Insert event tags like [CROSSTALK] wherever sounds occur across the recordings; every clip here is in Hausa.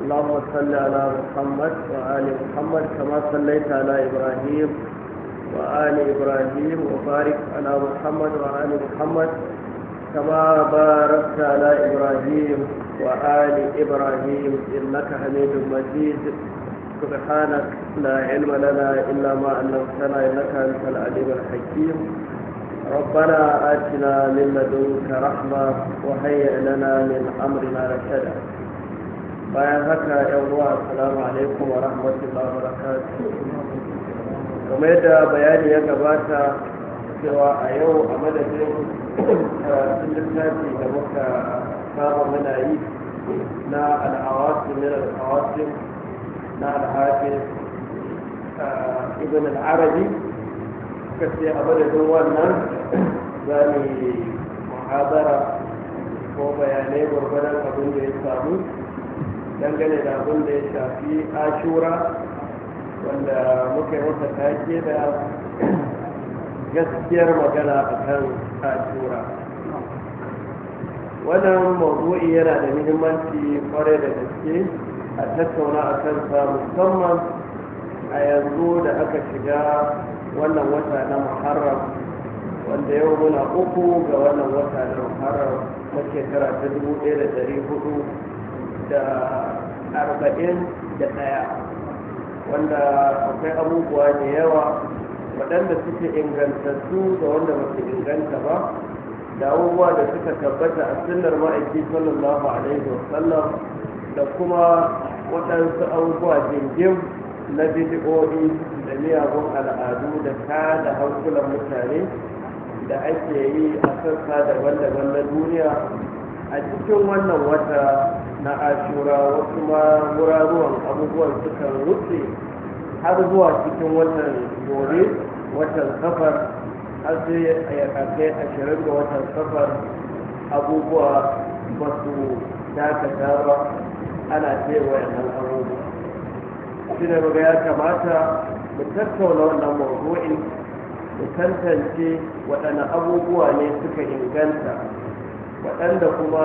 اللهم صل على محمد وآل محمد كما صليت على إبراهيم وآل إبراهيم وبارك على محمد وآل محمد كما باركت على إبراهيم وآل إبراهيم إنك حميد مجيد سبحانك لا علم لنا إلا ما علمتنا إنك أنت العليم الحكيم ربنا آتنا من لدنك رحمة وهيئ لنا من أمرنا رشدا bayan haka yan uwa assalamu alaikum wa rahmatullahi wa barakatuh kamar yadda bayani ya gabata cewa a yau a madadin sun littafi da muka saba muna yi na al'awasin min al'awasin na al'afis ibn al'arabi suka ce a madadin wannan za mu muhabara ko bayanai gwargwadon abin da ya samu dangane da abin da ya shafi ashura wanda muka yi masa take da gaskiyar magana a kan ashura wannan mabu’i yana da muhimmanci kwarai da gaske a tattauna a kansa musamman a yanzu da aka shiga wannan wata na muharram wanda yau muna uku ga wannan wata na muharram na shekara ta 1400. ɗari hudu da arba'in da ɗaya wanda akwai abubuwa da yawa waɗanda suke ingantattu da wanda ba su inganta ba da abubuwa da suka tabbata a sunnar ma'aiki sallallahu alaihi wasallam da kuma waɗansu abubuwa jingim na bidiyoyi da miyagun al'adu da ta da hankulan mutane da ake yi a sassa daban-daban na duniya a cikin wannan wata na ashura wasu ma wuraruwan abubuwan suka wuce har zuwa cikin watan gore watan safar har sai ya kakai ashirin ga watan safar abubuwa ba su dakata ba ana cewa yanar abubuwa shi ne ga ya kamata mu tattauna wannan mawuzo'in mu tantance waɗanne abubuwa ne suka inganta waɗanda kuma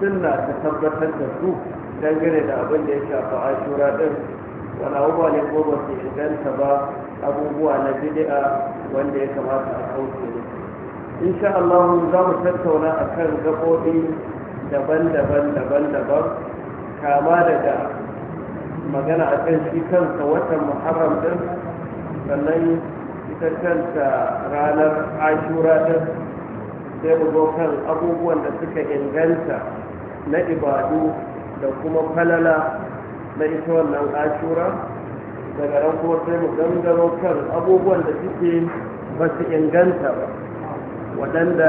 suna ta tabbatar da su dangane da abin da ya shafi ashura ɗin wani abubuwa ne ko ba su inganta ba abubuwa na bid'a wanda ya kamata a kauce ne insha Allah za mu tattauna akan gaɓoɓi daban-daban daban-daban kama daga magana a kan shi kansa watan muharram ɗin sannan ita kanta ranar ashura ɗin. sai mu zo kan abubuwan da suka inganta na ibadu da kuma falala na ita wannan ashura daga ran kuma sai mu gangaro kan abubuwan da suke ba su inganta ba waɗanda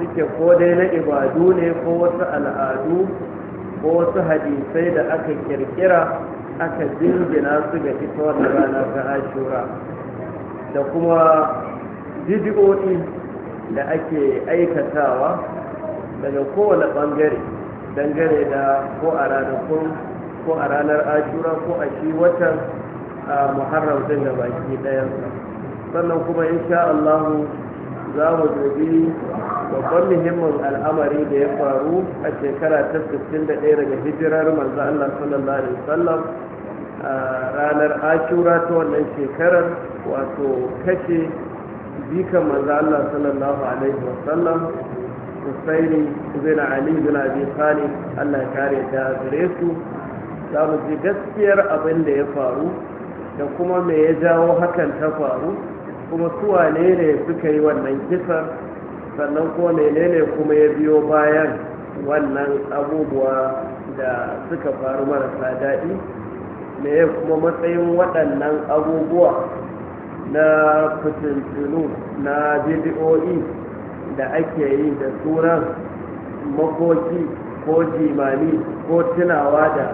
suke ko dai na ibadu ne ko wasu al'adu ko wasu hadisai da aka kirkira aka jingina su ga ita wannan rana ta ashura da kuma bidiyoyi da ake aikatawa daga kowane bangare dangane da ko a ranakun ko a ranar ashura ko a shi watan muharram din da baki ɗayansa sannan kuma insha Allahu za mu dubi babban muhimmin al'amari da ya faru a shekara ta 61 daga hijirar manzo Allah sallallahu alaihi wasallam ranar ashura ta wannan shekarar wato kashe jikan manzo Allah sallallahu alaihi sallam Husaini ibn Ali bin Abi Talib Allah kare ta gare su za mu ji gaskiyar abin da ya faru da kuma me ya jawo hakan ta faru kuma su wane ne suka yi wannan kisa? sannan ko menene kuma ya biyo bayan wannan abubuwa da suka faru marasa daɗi me kuma matsayin waɗannan abubuwa na fitintunu na jidoi da ake yi da turan makoki ko jimani ko tunawa da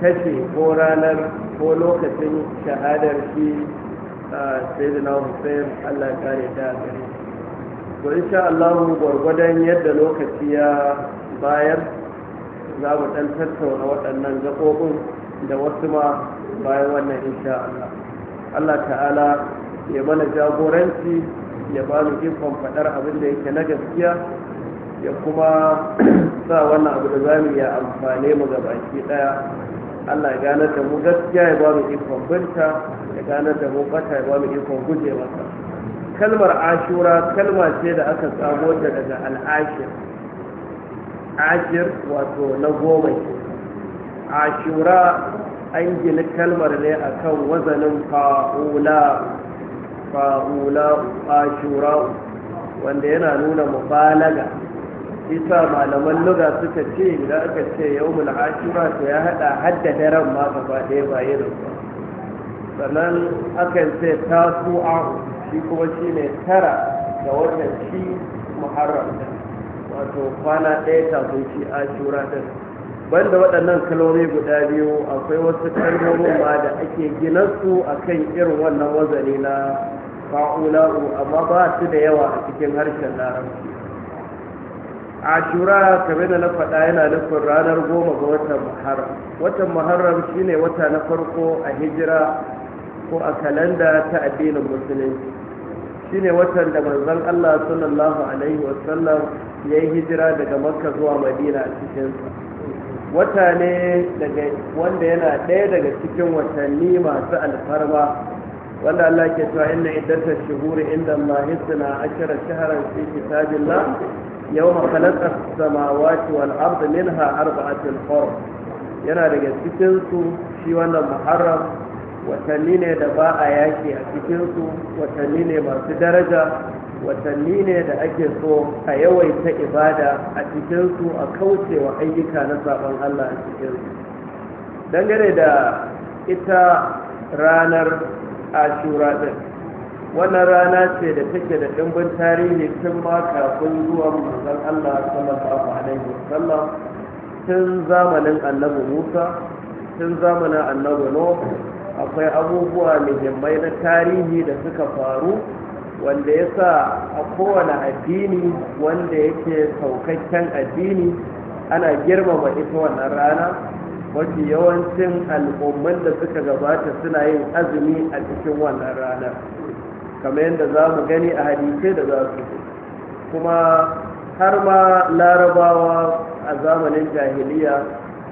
kashe ko ranar ko lokacin shahadar shi a sayyidina hussein allah kare ta gari to insha allahu gwargwadon yadda lokaci ya bayar za mu ɗan tattauna waɗannan gaɓoɓin da wasu ma bayan wannan insha allah Allah ta'ala ya mana jagoranci ya ba mu ikon faɗar abin da yake na gaskiya ya kuma [CLEARS THROAT] sa wannan abu da za mu ya amfani mu baki ɗaya Allah ya gane da mu gaskiya ya ba mu ikon binta ya gane da mu kwata ya ba mu ikon guje masa kalmar ashura kalma ce da aka samo ta daga al'ashir ashir wato na goma ashura an gina kalmar ne a kan wazanin fa'ula ashura wanda yana nuna mubalaga isa malaman luga suka ce idan aka ce yawmul ashura to ya hada hadda daren ma gaba ɗaya ba yin sannan akan a tasu'a shi kuma ne tara ga wannan shi muharram wato kwana ɗaya kafin shi ashura din banda waɗannan kalmomi guda biyu akwai wasu kalmomin ma da ake su a kan irin wannan wazani na fa'ula'u amma ba su da yawa a cikin harshen larabci ashura kamar da na faɗa yana nufin ranar goma ga watan muharram watan muharram shine wata na farko a hijira ko a kalanda ta addinin musulunci shine watan da manzon Allah sallallahu alaihi wasallam ya yi hijira daga makka zuwa madina a cikinsa wata ne wanda yana ɗaya daga cikin watanni masu alfarma wanda Allah ke cewa inna iddata shuhuri inda ma hisna ashara shahran fi kitabillah yawma khalaqa samawati wal ardi minha arba'atul hurum yana daga cikin su shi wannan muharram watanni ne da ba a yaki a cikin su watanni ne masu daraja watanni ne da ake so a yawaita ibada a cikinsu a kauce wa ayyuka na sabon Allah a cikinsu dangane da ita ranar ashura din wannan rana ce da take da ɗimbin tarihi tun ma kafin zuwan manzon Allah sallallahu alaihi wasallam tun zamanin annabi Musa tun zamanin annabi Nuh akwai abubuwa muhimmai na tarihi da suka faru wanda ya sa a kowane addini wanda yake saukakken addini ana girmama ita wannan rana mafi yawancin al'umman da suka gabata suna yin azumi a cikin wannan rana, kamar yadda za mu gani a hadisai da za su kuma har ma larabawa a zamanin jahiliya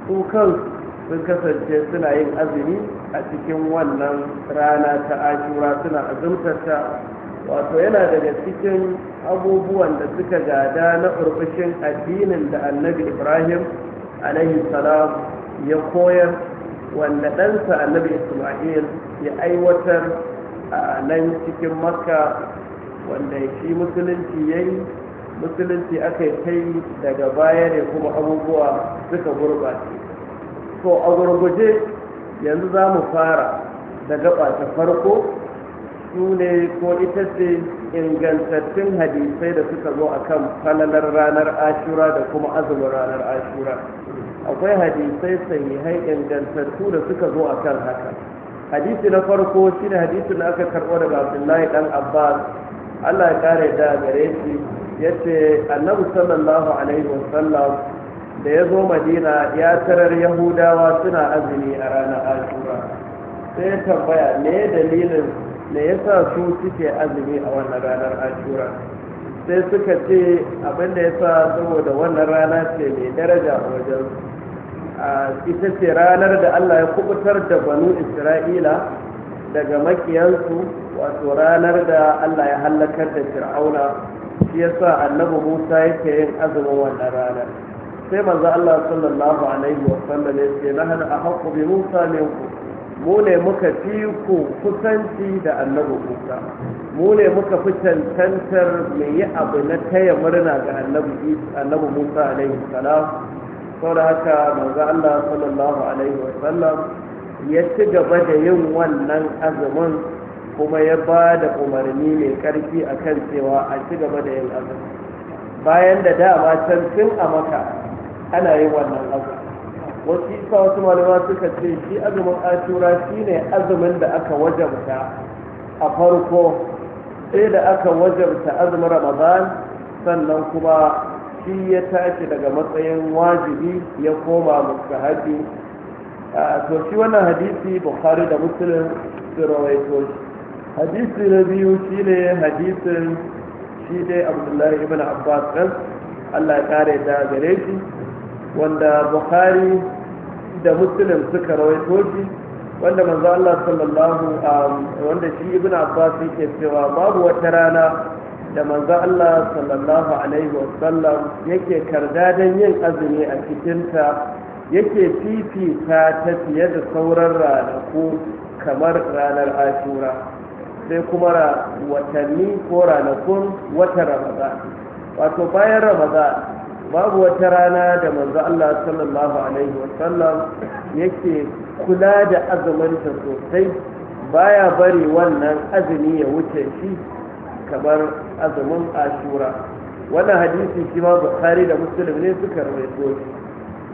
su kansu sun kasance suna yin azumi a cikin wannan rana ta ashura suna azumtarta wato yana daga cikin abubuwan da suka gada na urbishin addinin da annabi ibrahim alaihi salam ya koyar wanda ɗansa annabi isma'il ya aiwatar a nan cikin makka wanda shi musulunci ya yi musulunci aka kai daga baya ne kuma abubuwa suka gurɓace to a gurguje yanzu za mu fara da gaba ta farko su ne ko ita ce ingantattun hadisai da suka zo a kan falalar ranar ashura da kuma azumin ranar ashura akwai hadisai sahihai ingantattu da suka zo a kan haka hadisi na farko shi ne hadisi da aka karɓo daga abdullahi ɗan abbas allah ya kare da gare shi ya ce annabi sallallahu alaihi wasallam da ya zo madina ya tarar yahudawa suna azumi a ranar ashura sai ya tambaya me dalilin me yasa su suke azumi a wannan ranar ashura sai suka ce abin da yasa saboda wannan rana ce mai daraja a wajen ita ce ranar da Allah ya kubutar da banu Isra'ila daga makiyansu wato ranar da Allah ya hallakar da fir'auna shi yasa annabi Musa yake yin azumin wannan ranar sai manzo Allah sallallahu alaihi wa sallam ya ce nahnu ahqqu bi Musa minkum mu ne muka fi ku kusanci da annabi Musa mu ne muka fi cancantar mai yi abu na taya murna ga annabi Musa alaihi salam sau da haka manzo Allah sallallahu alaihi wa sallam ya ci gaba da yin wannan azumin kuma ya ba da umarni mai karfi akan cewa a ci gaba da yin azumi bayan da dama can tun a maka ana yin wannan azumi wasu isa wasu malama suka ce shi azumin ashura shi ne azumin da aka wajabta a farko sai da aka wajabta azumin ramadan sannan kuma shi ya tashi daga matsayin wajibi ya koma mustahabi to shi wannan hadisi bukhari da muslim su shi hadisi na biyu shine hadisin shi dai abdullahi ibn abbas Allah ya kare da gare shi wanda bukhari da muslim suka rawaito shi wanda manzo Allah sallallahu um, wanda shi ibn Abbas yake cewa babu wata rana da manzo Allah sallallahu alaihi wasallam yake kardadan yin azumi a cikin ta yake fifita ta fiye da sauran ranaku kamar ranar Ashura sai kuma watanni ko ranakun watan Ramadan wato bayan Ramadan babu wata rana da manzo Allah sallallahu alaihi wasallam yake kula da azuminsa sosai baya bari wannan azumi ya wuce shi kamar azumin ashura wannan hadisi shi ma bukhari da muslim ne suka rawaito shi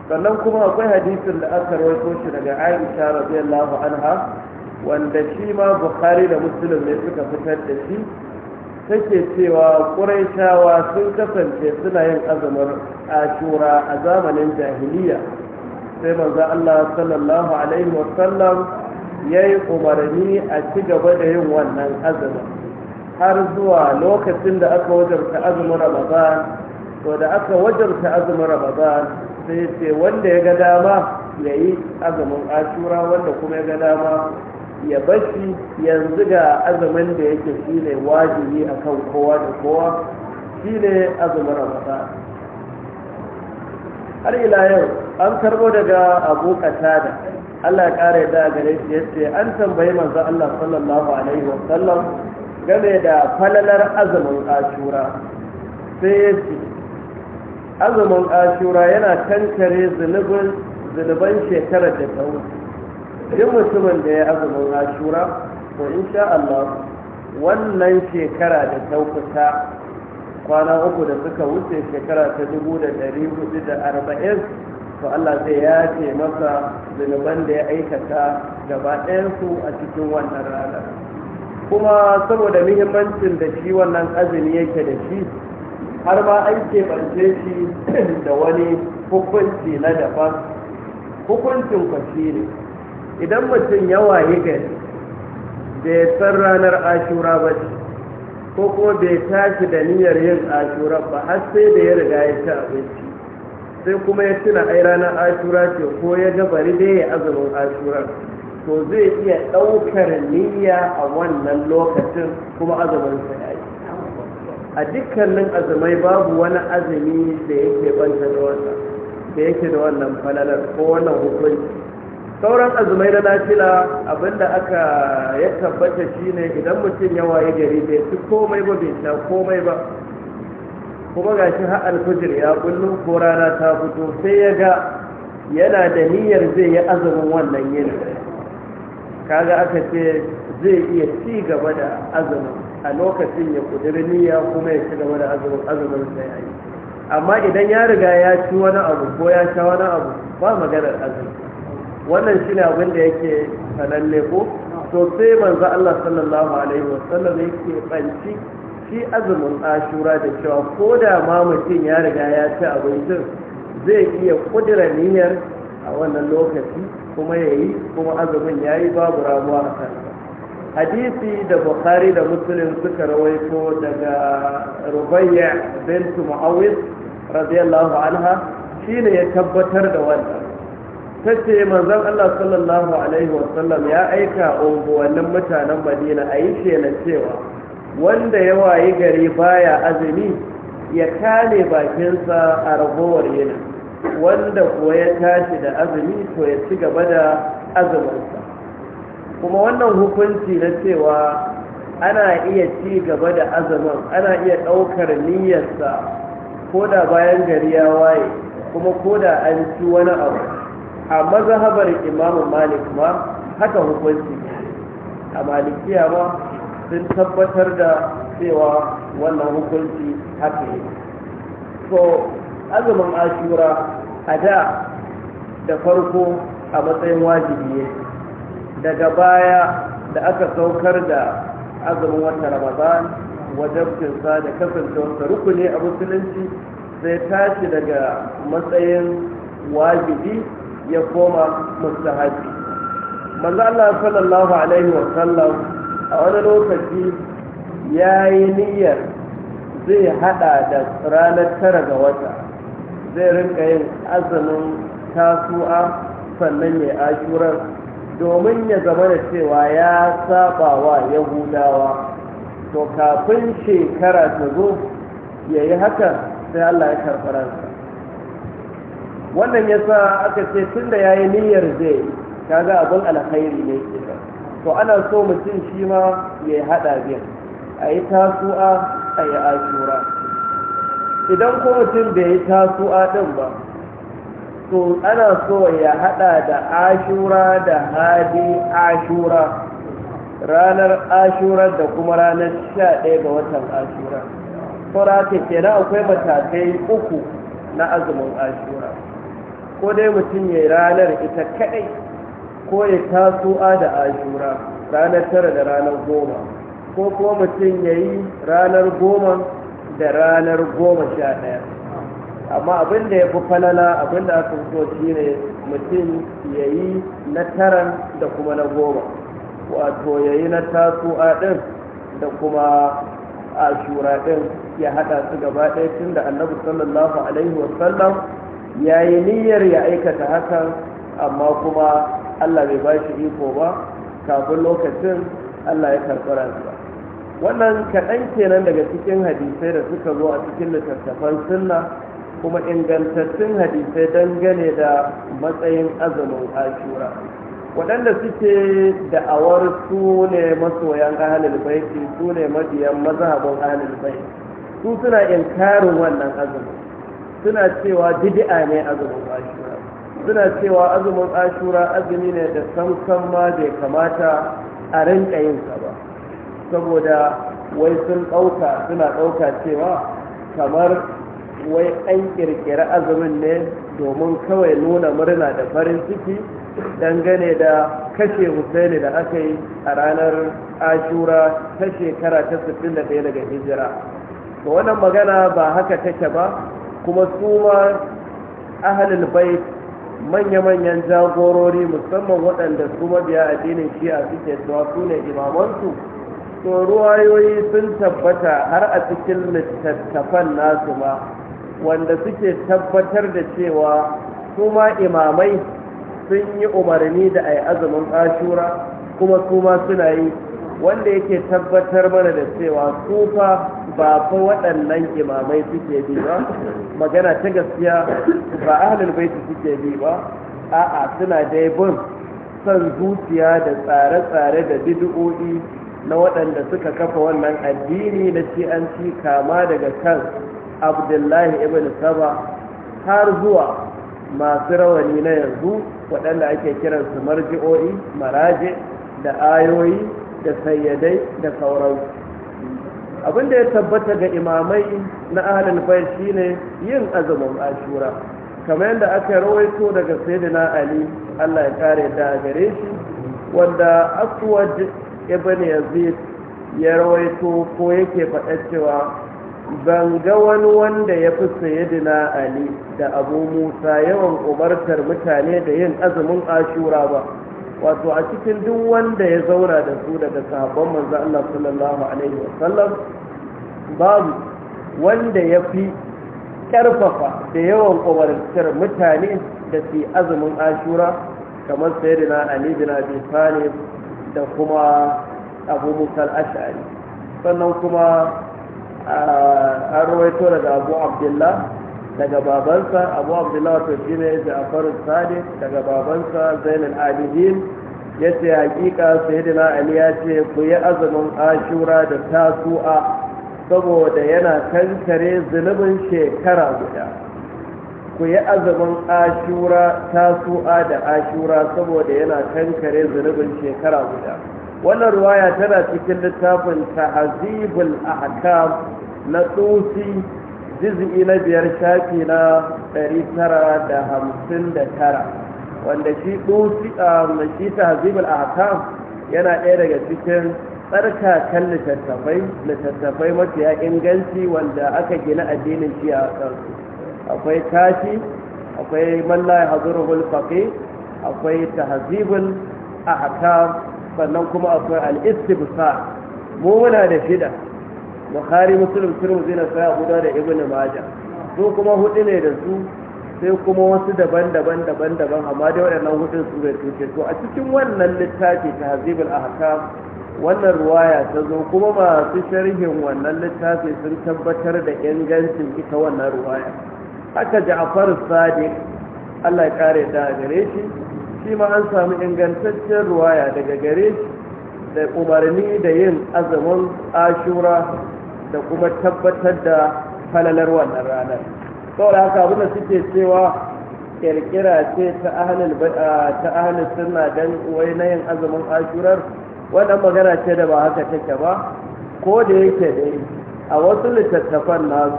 sannan kuma akwai hadisin da aka rawaito shi daga aisha radiyallahu anha wanda shi ma bukhari da muslim ne suka fitar da shi take cewa ƙuraishawa sun kasance suna yin azumin ashura a zamanin jahiliya sai manzo Allah sallallahu alaihi wasallam ya yi umarni a ci gaba da yin wannan azumin har zuwa lokacin da aka wajarta azumin ramadan to da aka wajarta azumin ramadan sai ce wanda ya ga dama ya yi azumin ashura wanda kuma ya ga dama ya bashi yanzu ga azumin da yake shine wajibi a kan kowa da kowa shine azumin ramata har ila yau an karbo daga abu da allah ya kara gare shi yace an tambayi manzo allah sallallahu alaihi wa game da falalar azumin ashura sai ya azumin ashura yana kankare zunubin zunuban shekarar da ta wuce duk mutumin da ya azumin ashura to insha Allah wannan shekara da ta kwana uku da suka wuce shekara ta dubu da ɗari hudu da arba'in to Allah zai ce masa zunuban da ya aikata gaba ɗayansu a cikin wannan rana kuma saboda muhimmancin da shi wannan azumi yake da shi har ma an keɓance shi da wani hukunci na daban hukuncin kwashi ne idan mutum ya waye gari bai san ranar ashura ba ce ko ko bai tashi da niyyar yin ashura ba har sai da ya riga ya ci abinci sai kuma ya tuna ai ranar ashura ce ko ya ga bari dai ya azumin ashura to zai iya ɗaukar niyya a wannan lokacin kuma azumin sa ya yi a dukkanin azumai babu wani azumi da yake banta da wannan da yake da wannan falalar ko wannan hukunci sauran azumai na nafila abinda aka ya tabbata shine idan mutum ya waye gari bai ci komai ba bai sha komai ba kuma ga shi har alfijir ya kullum ko rana ta fito sai ya ga yana da niyyar zai yi azumin wannan yin kaga aka ce zai iya ci gaba da azumin a lokacin ya kudiri niyya kuma ya ci gaba da azumin azumin sai ayi amma idan ya riga ya ci wani abu ko ya sha wani abu ba maganar azumi wannan shi ne abin da yake sananne ko to sai manzo Allah sallallahu alaihi wasallam yake banci shi azumin ashura da cewa ko da ma mutum ya riga ya ci abincin zai iya kudura niyyar a wannan lokaci kuma ya yi kuma azumin ya yi babu ramuwa a kan hadisi da bukhari da muslim suka rawaito daga rubayya bintu mu'awiz radiyallahu anha shine ya tabbatar da wannan ta ce manzon Allah sallallahu alaihi wasallam ya aika unguwannin mutanen Madina a yi na cewa wanda ya wayi gari baya azumi ya kale bakinsa a ragowar yana wanda kuwa ya tashi da azumi to ya ci gaba da azuminsa kuma wannan hukunci na cewa ana iya ci gaba da azumin ana iya ɗaukar niyyarsa ko da bayan gari ya waye kuma ko da an ci wani abu a mazhabar imamu malik ma haka hukunci a malikiya ma sun tabbatar da cewa wannan hukunci haka yi so azumin ashura a da da farko a matsayin wajibi ne daga baya da aka saukar da azumin wata ramadan wajabcinsa da kasancewarsa rukuni a musulunci sai tashi daga matsayin wajibi ya koma mustahaji manzo Allah sallallahu alaihi wa sallam a wani lokaci yayi niyyar zai hada da ranar tara ga wata zai rinka yin azumin tasu'a sannan ya ashurar domin ya zama da cewa ya saba wa yahudawa to kafin shekara ta zo ya yi haka sai Allah ya karɓi wannan ya sa aka ce tun da ya yi niyyar zai ga abin alkhairi ne to ana so mutum shi ma ya haɗa biyan a yi tasu'a a yi ashura idan ko mutum bai yi tasu'a ɗin ba to ana so ya haɗa da ashura da hadi ashura ranar ashura da kuma ranar sha ɗaya ga watan ashura saura ke kenan akwai matakai uku na azumin ashura ko dai mutum ya ranar ita kadai ko ya taso da asura, ranar tara da ranar goma ko kuma mutum ya yi ranar goma da ranar goma sha ɗaya amma abinda da ya fi falala abin da aka so shi ne mutum ya yi na taran da kuma na goma wato ya yi na taso ɗin da kuma ashura ɗin ya haɗa su gaba ɗaya tun da annabi sallallahu alaihi wasallam ya yi niyyar ya aikata hakan amma kuma Allah bai bashi shi iko ba kafin lokacin Allah ya karɓi ransa wannan kaɗan kenan daga cikin hadisai da suka zo a cikin littattafan sunna kuma ingantattun hadisai dangane da matsayin azumin ashura waɗanda suke da'awar su ne masoyan ahalil baiti su ne mabiyan mazhabin ahalil baiti su suna inkarin wannan azumin suna cewa bid'a ne azumin ashura suna cewa azumin ashura azumi ne da samsam ma bai kamata a rinka yin sa ba saboda wai sun ɗauka suna ɗauka cewa kamar wai an ƙirƙiri azumin ne domin kawai nuna murna da farin ciki dangane da kashe husaini da aka yi a ranar ashura ta shekara ta 61 daga hijira to wannan magana ba haka take ba kuma su ma ahalul bait manya-manyan jagorori musamman waɗanda su mabiya addinin shi'a suke cewa su ne imamansu to ruwayoyi sun tabbata har a cikin littattafan nasu ma wanda suke tabbatar da cewa su ma imamai sun yi umarni da ai azumin ashura kuma su ma suna yi wanda yake tabbatar mana da cewa su fa ba fa waɗannan imamai suke bi ba magana ta gaskiya ba ahlul baiti suke bi ba a'a suna dai bin son zuciya da tsare-tsare da bid'o'i na waɗanda suka kafa wannan addini na ci'anci kama daga kan abdullahi ibn saba har zuwa masu rawani na yanzu waɗanda ake kiransu marji'o'i maraje da ayoyi da sayyadai da sauransu abin da ya tabbata ga imamai na ahalin bai shine yin azumin ashura kamar yadda aka rawaito daga sayyidina ali Allah ya kare da gare shi wanda aswad ibn yazid ya rawaito ko yake faɗa cewa ban ga wani wanda ya fi sayyidina ali da abu musa yawan umartar mutane da yin azumin ashura ba wato a cikin duk wanda ya zauna da su daga sahabban manzo Allah sallallahu alaihi wasallam babu wanda ya fi ƙarfafa da yawan kwamarkar mutane da ke azumin ashura kamar sayyidina ali bin abi talib da kuma abu musal ash'ari sannan kuma an rawaito daga abu abdullah daga babansa abu abdullahi tafi ne ja'far sadiq daga babansa zainul abidin ya ce hakika sayyidina ali ya ce ku yi azumin ashura da tasu'a saboda yana kankare zunubin shekara guda ku yi azumin ashura tasu'a da ashura saboda yana kankare zunubin shekara guda wannan ruwaya tana cikin littafin tahazibul ahkam na tsusi juz'i na biyar shafi na 959 wanda shi dusi a um, shi tahzibul ahkam yana ɗaya daga cikin tsarka kan littattafai littattafai mafiya inganci wanda aka gina addinin shi a kansu akwai tashi akwai malla hazurul faqih akwai tahzibul ahkam sannan kuma akwai al mu muna da shida bukhari muslim tirmidhi na sai abu da ibn majah su kuma hudu ne da su sai kuma wasu daban-daban daban-daban amma dai waɗannan hudun su bai tuce to a cikin wannan littafi tahzibul ahkam wannan ruwaya ta zo kuma masu sharhin wannan littafi sun tabbatar da ingancin ita wannan ruwaya haka ja'far sadiq Allah ya kare da gare shi shi ma an samu ingantaccen ruwaya daga gare shi da umarni da yin azumin ashura da kuma tabbatar da falalar wannan ranar saboda haka abin da suke cewa kirkira ce ta ahalin sunna don wai na yin azumin ashurar wannan magana ce da ba haka take ba ko da yake dai a wasu littattafan nasu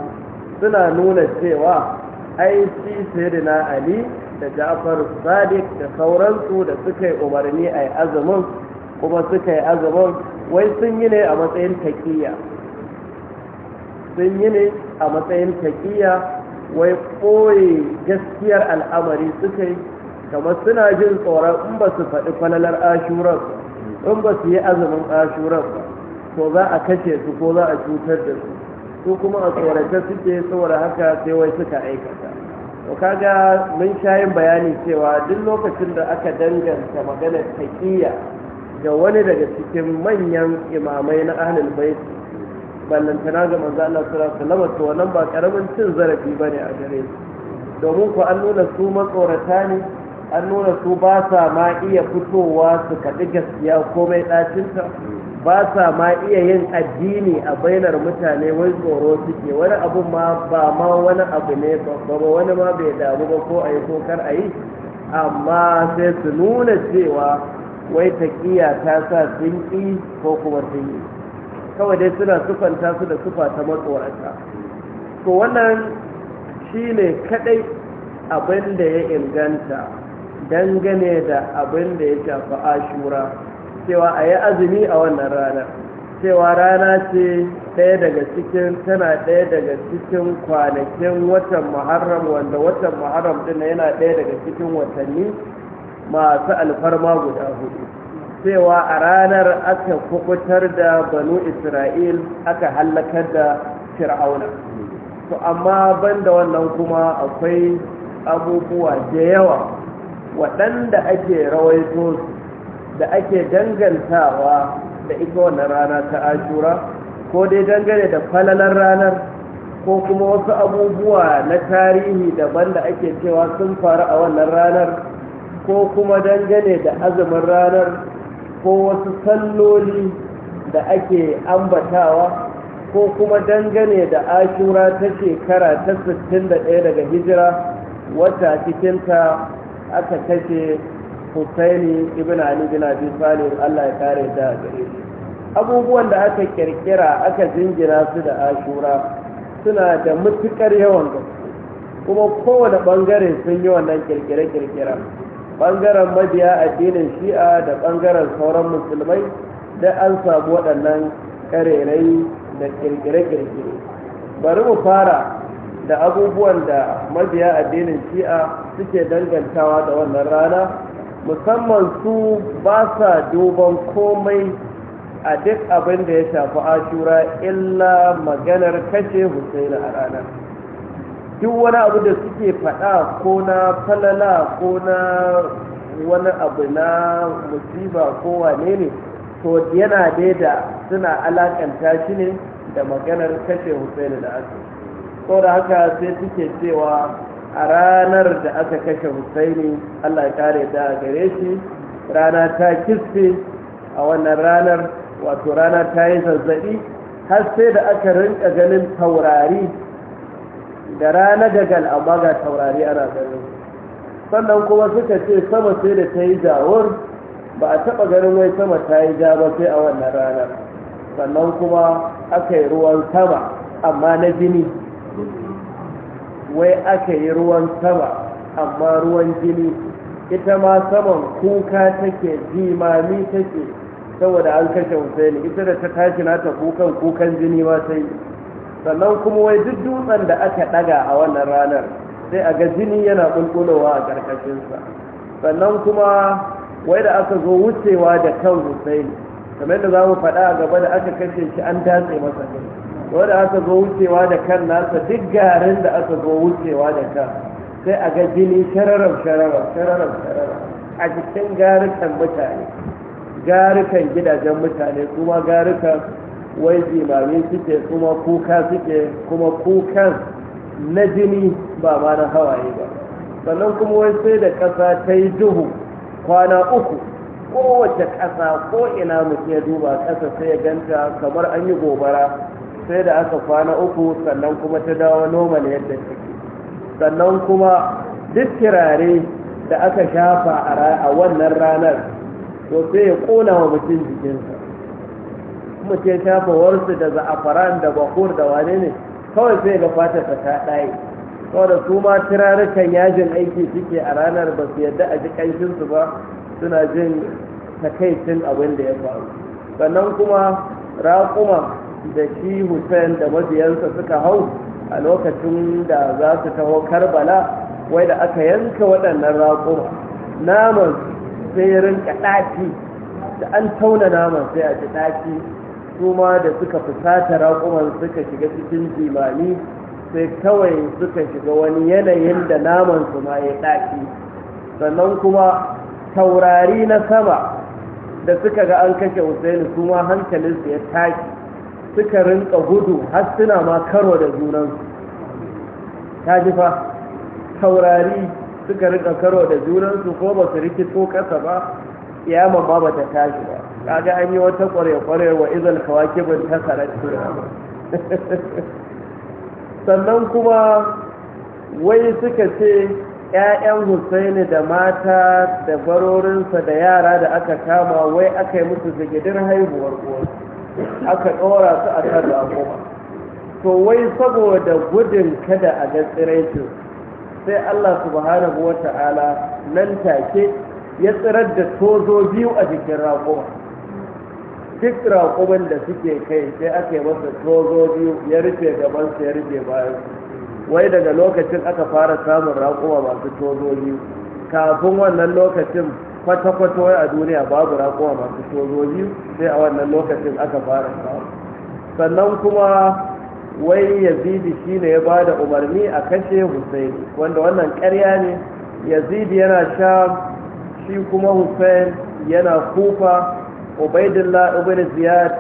suna nuna cewa ai shi sayyidina ali da ja'far sadiq da sauransu da suka yi umarni a yi azumin kuma suka yi azumin wai sun yi ne a matsayin taƙiyya sun yi ne a matsayin taƙiya wai ɓoye gaskiyar al'amari suka yi kamar suna jin tsoron in ba su faɗi falalar ashurar in ba su yi azumin ashurar ko za a kashe su ko za a cutar da su su kuma a tsorata suke saboda haka sai wai suka aikata to kaga mun sha yin bayani cewa duk lokacin da aka danganta maganar taƙiyya da wani daga cikin manyan imamai na ahlul baiti ballantana ga manzo Allah sallallahu alaihi wasallam to wannan ba karamin cin zarafi bane a gare su domin ku an nuna su matsorata ne an nuna su ba sa ma iya fitowa su kaɗi gaskiya komai ɗacinta ba sa ma iya yin addini a bainar mutane wai tsoro suke wani abu ma ba ma wani abu ne ba, ba wani ma bai damu ba ko a yi ko kar a yi amma sai su nuna cewa wai taƙiya ta sa sun ƙi ko kuma sun yi kawai dai suna sufanta su da sufa ta matsoranta to wannan shi ne kaɗai abin da ya inganta dangane da abin da ya shafi ashura cewa a yi azumi a wannan rana cewa rana ce ɗaya daga cikin tana ɗaya daga cikin kwanakin watan muharram wanda watan muharram ɗin yana ɗaya daga cikin watanni masu alfarma guda hudu cewa a ranar aka kubutar da banu isra'il aka hallakar da fir'auna to amma banda wannan kuma akwai abubuwa da yawa waɗanda ake rawaito da ake dangantawa da ita wannan rana ta ashura ko dai dangane da falalar ranar ko kuma wasu abubuwa na tarihi daban da ake cewa sun faru a wannan ranar ko kuma dangane da azumin ranar ko wasu salloli da ake ambatawa ko kuma dangane da ashura ta shekara ta 61 daga hijira wata cikinta aka kashe husaini ibn ali bin abi talib Allah ya kare da gare abubuwan da aka kirkira aka jingina su da ashura suna da mutukar yawan gaske kuma kowane bangare sun yi wannan kirkire-kirkira Bangaren mabiya addinin shi'a da bangaren sauran musulmai da an samu waɗannan ƙarerai da ƙirƙire-ƙirƙire bari mu fara da abubuwan da mabiya addinin shi'a suke dangantawa da wannan rana musamman su ba sa duban komai a duk abin da ya shafi ashura illa maganar kashe husaini a ranar duk wani abu da suke faɗa ko na falala ko na wani abu na musiba ko wane ne to yana dai da suna alakanta shi ne da maganar kashe Hussein da aka so da haka sai suke cewa a ranar da aka kashe husaini Allah ya kare da gare shi rana ta kisse a wannan ranar wato rana ta yi zazzabi har sai da aka rinka ganin taurari da rana dagal amma ga taurari ana ganin sannan kuma suka ce sama sai da ta yi jawur ba a taɓa ganin wai sama ta yi ja ba sai a wannan rana sannan kuma aka yi ruwan sama amma na jini wai aka yi ruwan sama amma ruwan jini ita ma saman kuka take jimami take saboda an kashe husaini ita da ta tashi nata kukan kukan jini ma sai sannan kuma wai duk dutsen da aka daga a wannan ranar sai a ga jini yana kulkulowa a karkashinsa sannan kuma wai da aka zo wucewa da kan husaini kamar da za mu faɗa a gaba da aka kashe shi an tatse masa ne wai da aka zo wucewa da kan nasa duk garin da aka zo wucewa da kan sai a ga jini shararar shararar shararar shararar a cikin garukan mutane garukan gidajen mutane kuma garukan wai imami suke kuma kuka suke kuma kukan na jini ba ma na hawaye ba sannan kuma wai sai da ƙasa ta yi duhu kwana uku kowace ƙasa ko ina mutum ya duba ƙasa sai ya ganta kamar an yi gobara sai da aka kwana uku sannan kuma ta dawo normal yadda take sannan kuma duk kirare da aka shafa a wannan ranar to sai ya ƙona wa mutum jikinsa mace ta shafa warsu da za'afaran da bakur da wane ne kawai sai ga fatarsa ta ɗaye saboda su ma turarukan yajin aiki suke a ranar ba su yadda a ji ƙanshinsu ba suna jin takaicin abin da ya faru sannan kuma raƙuma da shi hussein da mabiyansa suka hau a lokacin da za su taho karbala wai da aka yanka waɗannan raƙuma naman sai rinka ɗaci da an tauna naman sai a ji ɗaci su ma da suka fusata raƙuman suka shiga cikin jimani sai kawai suka shiga wani yanayin da naman ma ya ɗaki sannan kuma taurari na sama da suka ga an kashe Usaini su ma hankalinsu ya taki suka rinka gudu har suna ma karo da junansu ta ji fa taurari suka rinka karo da junansu ko ba su rikito ƙasa ba kiyama ma ba ta tashi ba kaga an yi wata kware-kware wa izal kawakibin ta sarari sannan kuma wai suka ce 'ya'yan husaini da mata da barorinsa da yara da aka kama wai aka yi musu zigidin haihuwar uwar aka ɗora su a kan ragoma to wai saboda gudun kada a ga tsiraitu, sai allah subhanahu wa ta'ala nan take ya tsirar da tozo biyu a jikin ragoma duk raƙumin da suke kai sai ake masa tozo biyu ya rufe gabansa ya rufe bayan wai daga lokacin aka fara samun raƙuma masu tozo biyu kafin wannan lokacin kwata-kwata wai a duniya babu raƙuma masu tozo biyu sai a wannan lokacin aka fara samu sannan kuma wai yazidi shine ya bada umarni a kashe hussein wanda wannan ƙarya ne yazidi yana sha shi kuma hussein yana kufa ubaidullah ibn ziyad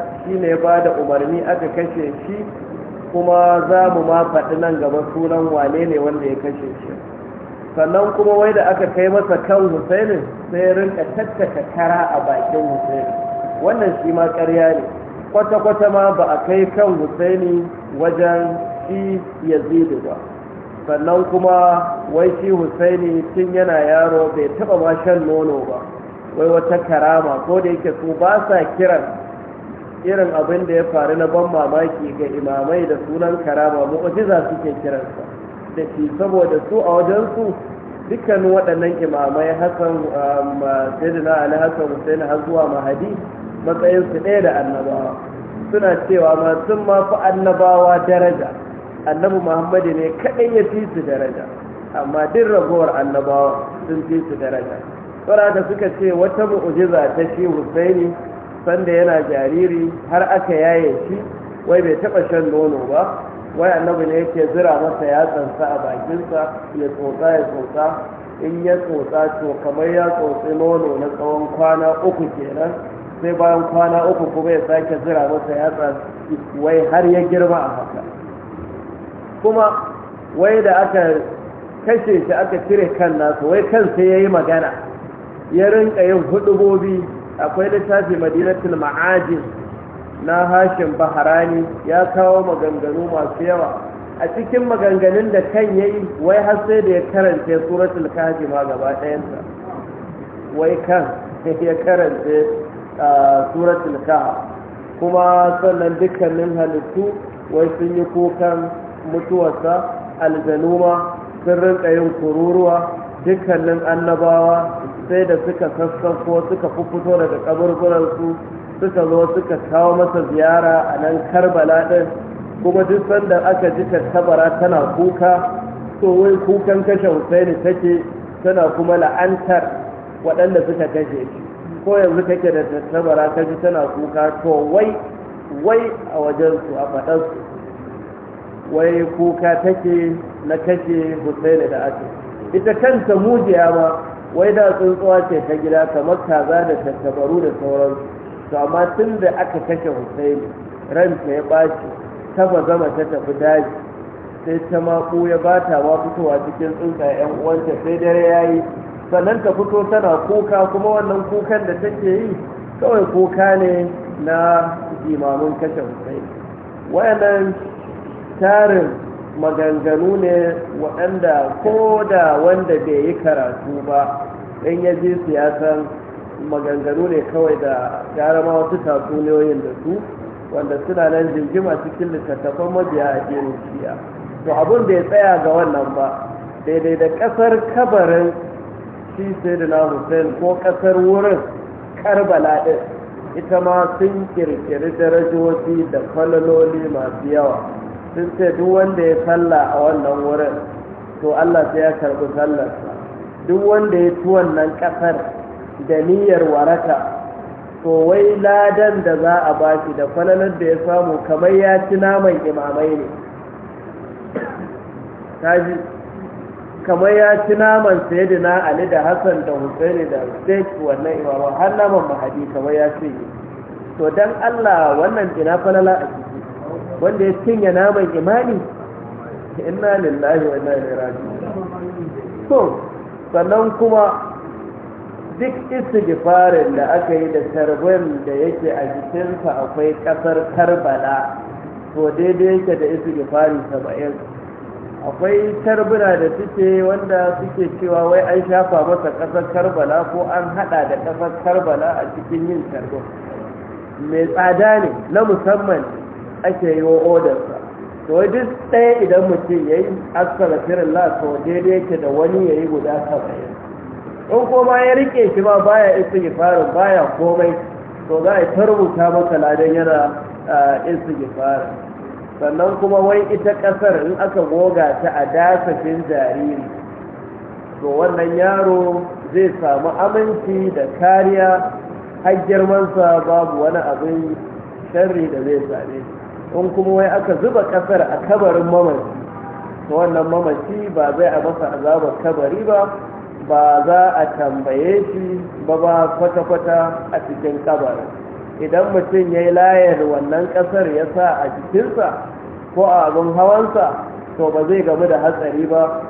ne ya da umarni aka kashe shi kuma za mu ma faɗi nan gaba sunan wane ne wanda ya kashe shi sannan kuma wai da aka kai masa kan husainin sai rinka tattaka kara a bakin husaini wannan shi ma ƙarya ne kwata-kwata ma ba a kai kan husaini wajen shi yazidu ba sannan kuma wai shi husaini tun yana yaro bai taɓa ma shan nono ba wai wata karama ko da yake su ba sa kiran irin abin da ya faru na ban mamaki ga imamai da sunan karama mu'ujiza suke kiransa da shi saboda su a wajensu dukkan waɗannan imamai hasan um, sayyidina ali hasan husain har zuwa mahadi matsayin su ɗaya da annabawa suna cewa ma sun ma fi annabawa daraja annabi muhammadu ne kaɗai ya fi su daraja amma duk ragowar annabawa sun fi su daraja da suka ce wata mu'ujiza ta shi Husaini sanda yana jariri har aka yaye shi wai bai taba shan nono ba wai annabi ne yake zira masa yatsansa a bakinsa ya tsotsa ya tsotsa in ya tsotsa to kamar ya tsotsi nono na tsawon kwana uku kenan sai bayan kwana uku kuma ya sake zira masa yatsa wai har ya girma a haka kuma wai da aka kashe shi aka cire kan nasa wai kan sai ya yi magana ya rinka yin hudubobi akwai littafi madinatul ma'ajin na hashin baharani ya kawo maganganu masu yawa a cikin maganganun da kan yayi wai har sai da ya karanta suratul kahfi ma gaba ɗayansa wai kan [LAUGHS] ya karance suratul kuma sannan dukkanin halittu wai sun yi kukan mutuwarsa aljanuma, sun rinka yin kururuwa dukkanin annabawa sai da suka sassauko suka fito daga kaburburansu suka zo suka kawo masa ziyara a nan karbala ɗin kuma duk sanda aka ji tattabara tana kuka to wai kukan kashe husaini take tana kuma la'antar waɗanda suka kashe shi ko yanzu kake da tattabara ka ji tana kuka to wai wai a wajensu a faɗansu wai kuka take na kashe husaini da ake ita kanta mujiya ma wai da tsuntsuwa ce ta gida kamar kaza da tattabaru da sauransu to amma tun da aka kashe husaini ranta ya ɓaci ta zama ta tafi daji sai ta maƙo ya ba ta ma fitowa cikin tsuntsa yan uwanta sai dare ya yi sannan ta fito tana kuka kuma wannan kukan da take yi kawai kuka ne na jimamin kashe husaini wayannan tarin maganganu ne waɗanda ko da wanda bai yi karatu ba in ya je siyasan maganganu ne kawai da gara ma wasu tatsuniyoyin da su wanda suna nan a cikin littattafan mabiya a ginin shiya to abin bai tsaya ga wannan ba daidai da ƙasar kabarin shi sayyidina hussein ko ƙasar wurin karbala ɗin ita ma sun kirkiri darajoji da kwalaloli masu yawa sun ce duk wanda ya salla a wannan wurin to Allah sai ya karɓi sallarsa duk wanda ya ci wannan ƙasar da niyyar waraka to wai ladan da za a bashi da falalar da ya samu kamar ya ci naman imamai ne kaji kamar ya ci naman Sayyidina ali da hassan da husaini da sheik wannan imamai har naman mahadi kamar ya ci to don allah wannan ina falala a ciki wanda ya cinye naman imani inna lillahi wa inna ilaihi raji'un to sannan kuma duk istighfarin da aka yi da tarban da yake a jikinsa akwai kasar karbala to daidai yake da istighfari saba'in akwai tarbuna da suke wanda suke cewa wai an shafa masa kasar karbala ko an hada da kasar karbala a cikin yin tarbin mai tsada ne na musamman ake yi wa odarsa to wai duk ɗaya idan mutum ya yi asala firin lafa daidai yake da wani ya yi guda saba'in in koma ya rike shi ba baya isa istighfarin baya komai to za a yi ta maka ladan yana sannan kuma wai ita ƙasar in aka goga ta a dasafin jariri to wannan yaro zai samu aminci da kariya har girmansa babu wani abin sharri da zai same shi in kuma wai aka zuba kasar a kabarin mamaci to wannan mamaci ba zai a masa azabar kabari ba ba za a tambaye shi ba ba kwata-kwata a cikin kabari idan mutum ya yi layar wannan kasar ya sa a jikinsa ko a abin hawansa to ba zai gamu da hatsari ba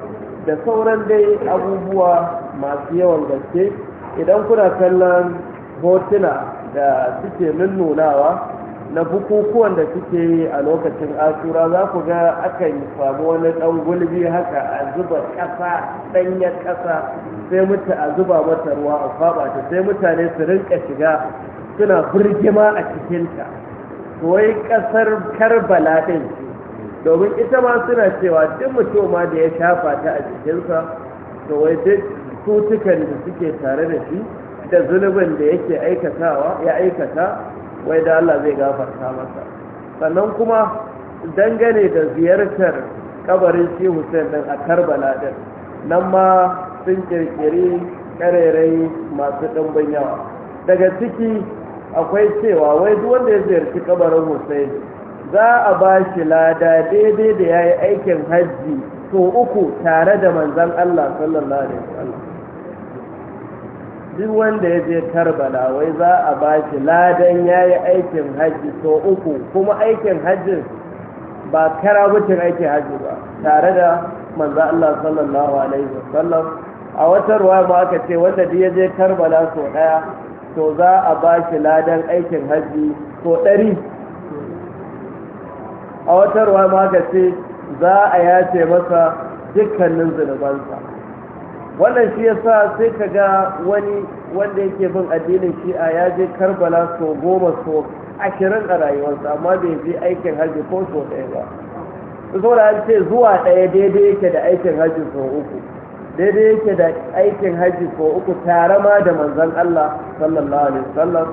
da sauran dai abubuwa masu yawan gaske idan kuna kallon hotuna da suke nunnunawa na bukukuwan da suke yi a lokacin asura za ku ga aka yi samu wani ɗan gulbi haka a zuba ƙasa ɗanyar ƙasa sai muta a zuba mata ruwa a faɓa ta sai mutane su rinka shiga suna birgima a cikin ta, wai ƙasar karbala ɗin domin ita ma suna cewa duk mutum ma da ya shafa ta a jikinsa to wai duk cutukan da suke tare da shi da zunubin da yake aikatawa ya aikata wai da Allah zai gafarta masa sannan kuma dangane da ziyartar kabarin shi Hussein din a Karbala din nan ma sun kirkiri karerai masu ɗimbin yawa daga ciki akwai cewa wai duk wanda ya ziyarci kabarin Hussein za a ba shi lada daidai da ya yi aikin hajji so uku tare da manzan Allah sallallahu alaihi wasallam duk wanda ya je karbala wai za a ba shi ladan ya yi aikin hajji so uku kuma aikin hajjin ba mutum aikin hajji ba tare da manza Allah sallallahu alaihi wasallam a wata ruwa ba aka ce wanda duk ya je karbala so daya to za a ba shi ladan aikin hajji so ɗari a wata ruwa ba aka ce za a yace masa dukkanin zunubansa wannan shi yasa sai ka ga wani wanda yake bin addinin shi'a ya je karbala so goma so ashirin a rayuwarsa amma bai je aikin hajji ko so ɗaya ba saboda an ce zuwa ɗaya daidai yake da aikin hajji so uku daidai yake da aikin hajji so uku tare ma da manzan Allah sallallahu alaihi wasallam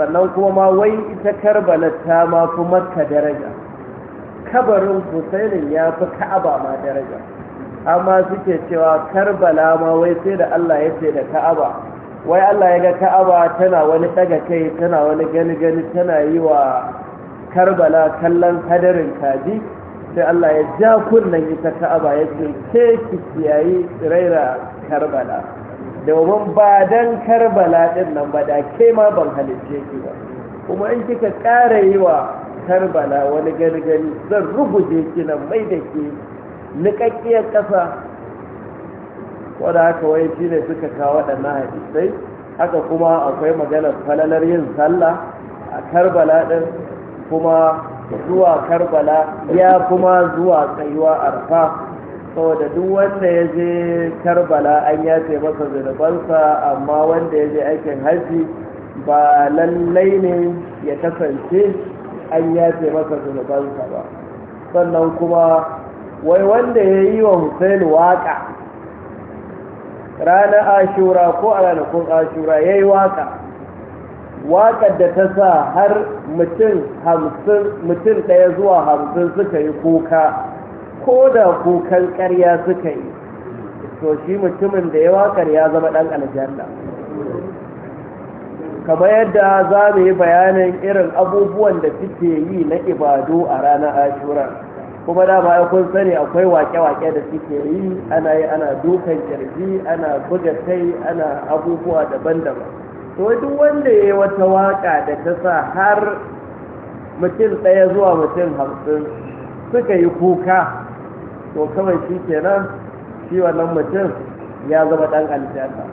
sannan kuma ma wai ita karbala ta ma fi makka daraja kabarin husainin ya fi ka'aba ma daraja amma suke cewa karbala ma wai sai da Allah ya ce da ka'aba wai Allah ya ga ka'aba tana wani daga kai tana wani gani gani tana yi wa karbala kallon hadarin kaji sai Allah ya ja kunnan ita ka'aba ya ce ke ki kiyayi tsiraira karbala domin ba dan karbala din nan ba da ke ma ban halicce ki ba kuma in kika ƙara yi wa karbala wani gani gani zan rubuje ki nan mai da ke niƙaƙƙiyar kasa wadda haka wai shi ne suka kawo waɗannan hadisai haka kuma akwai maganar falalar yin sallah a karbala ɗin kuma zuwa karbala ya kuma zuwa tsayuwa arfa saboda duk wanda ya je karbala an ce masa zunubansa amma wanda ya je aikin haji ba lallai ne ya kasance an ce masa zunubansa ba sannan kuma wai wanda ya yi wa Hussein waka ranar ashura ko a ranakun ashura ya yi waka waƙar da ta sa har mutum ɗaya zuwa hamsin suka yi kuka ko da kukan ƙarya suka yi to shi mutumin da ya waƙar ya zama ɗan aljanna kamar yadda za mu yi bayanin irin abubuwan da suke yi na ibadu a ranar ashura kuma da ba kun sani akwai wake-wake da suke yi ana yi ana dukan kirji ana buga kai ana abubuwa daban-daban to duk wanda ya yi wata waka da ta sa har mutum ɗaya zuwa mutum hamsin suka yi kuka to kawai shi kenan shi wannan mutum ya zama ɗan alfiyata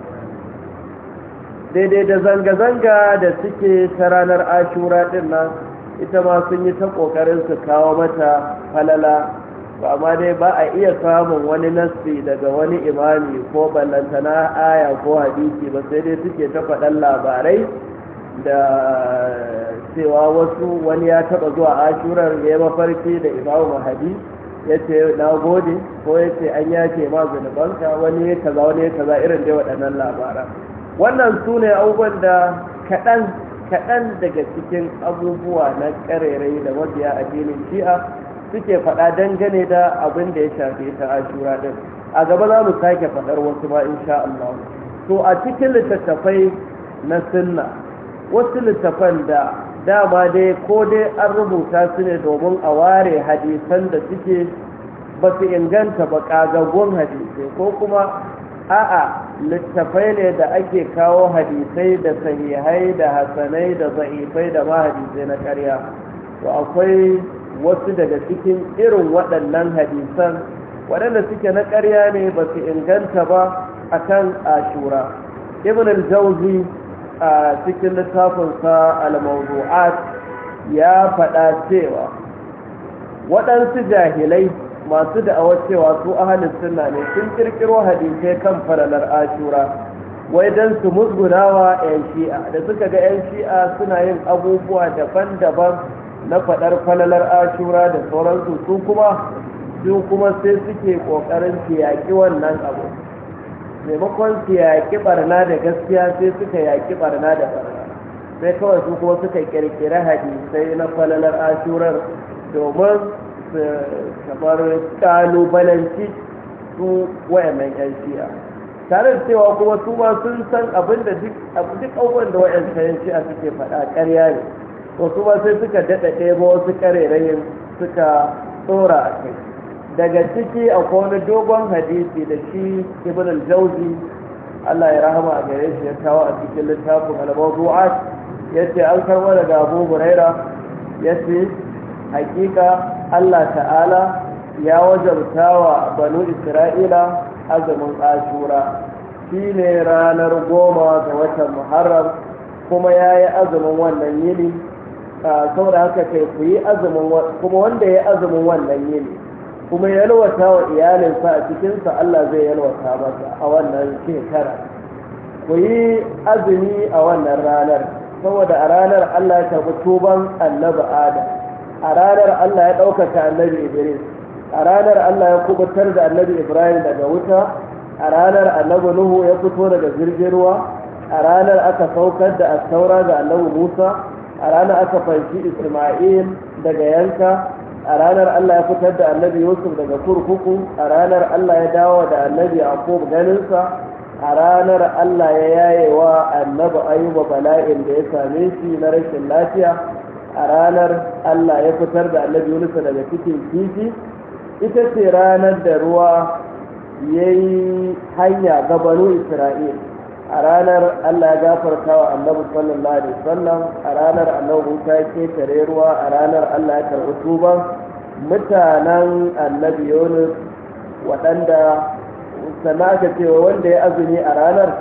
daidai da zanga-zanga da suke ta ranar ashura ɗin nan ita ma sun yi ta ƙoƙarin su kawo mata falala to amma dai ba a iya samun wani nassi daga wani imami ko ballantana aya ko hadisi ba sai dai suke ta faɗan labarai da cewa wasu wani ya taɓa zuwa ashurar ya mafarki da imamu mahadi ya ce na gode ko ya ce an yake ma zunubanka wani ya kaza wani ya kaza irin dai waɗannan labaran wannan su ne abubuwan da kaɗan kaɗan daga cikin abubuwa na ƙarerai da mabiya addinin shi'a suke faɗa dangane da abin da ya shafi ta ashura ɗin a gaba za mu sake faɗar wasu ma sha Allah to a cikin littattafai na sunna wasu littattafan da dama dai ko dai an rubuta su ne domin a ware hadisan da suke ba su inganta ba ƙagaggun hadisai ko kuma a'a littafai ne da ake kawo hadisai da sahihai da hasanai da za'ifai da ma hadisai na karya to akwai wasu daga cikin irin waɗannan hadisan waɗanda suke na karya ne ba su inganta ba a kan ashura ibn al-jauzi a cikin littafinsa al-mawdu'at ya faɗa cewa waɗansu jahilai masu da'awar cewa su ahalin suna ne sun kirkiro hadisai kan falalar ashura wai don su musgunawa 'yan shi'a da suka ga 'yan shi'a suna yin abubuwa daban-daban na faɗar falalar ashura da sauransu su kuma su kuma sai suke ƙoƙarin yaƙi wannan abu maimakon su yaƙi barna da gaskiya sai suka yaƙi barna da barna sai kawai su kuma suka ƙirƙira hadisai na falalar ashurar domin kamar kalubalanci su wayannan yan shi'a tare da cewa kuma su ma sun san abin da duk abubuwan da wayannan yan shi'a suke faɗa ƙarya ne wasu ma sai suka daɗa ɗaya wasu ƙarerayin suka tsora a kai daga ciki akwai wani dogon hadisi da shi ibn al-jawzi Allah ya rahama a gare shi ya kawo a cikin littafin al-mawdu'at yace an karɓa daga Abu Hurairah yace Haƙiƙa Allah ta'ala ya wa banu isra'ila azumin ashura shi ne ranar goma ga watan muharram kuma ya yi azumin wannan yini saboda haka kai ku yi azumin kuma wanda ya yi azumin wannan yini kuma yalwata wa iyalinsa a cikinsa Allah zai yalwata masa a wannan shekara ku yi azumi a wannan ranar saboda a ranar Allah ya tafi tuban annabi Adam a ranar Allah ya ɗaukaka annabi Idris a ranar Allah ya kubutar da annabi Ibrahim daga wuta a ranar annabi Nuhu ya fito daga jirgin ruwa a ranar aka saukar da astaura ga annabi Musa a ranar aka fanshi Isma'il daga yanka a ranar Allah ya fitar da annabi Yusuf daga kurkuku a ranar Allah ya dawo da annabi Yaqub ganinsa a ranar Allah ya yaye wa annabi Ayuba bala'in da ya same shi na rashin lafiya a ranar Allah ya fitar da annabi Yunus daga cikin kifi ita ce ranar da ruwa ya yi hanya ga banu Isra'il a ranar Allah ya gafarta wa annabi sallallahu alaihi wasallam a ranar Allah Musa ya ketare ruwa a ranar Allah ya karɓi tuba, mutanen annabi Yunus waɗanda sana cewa wanda ya azumi a ranar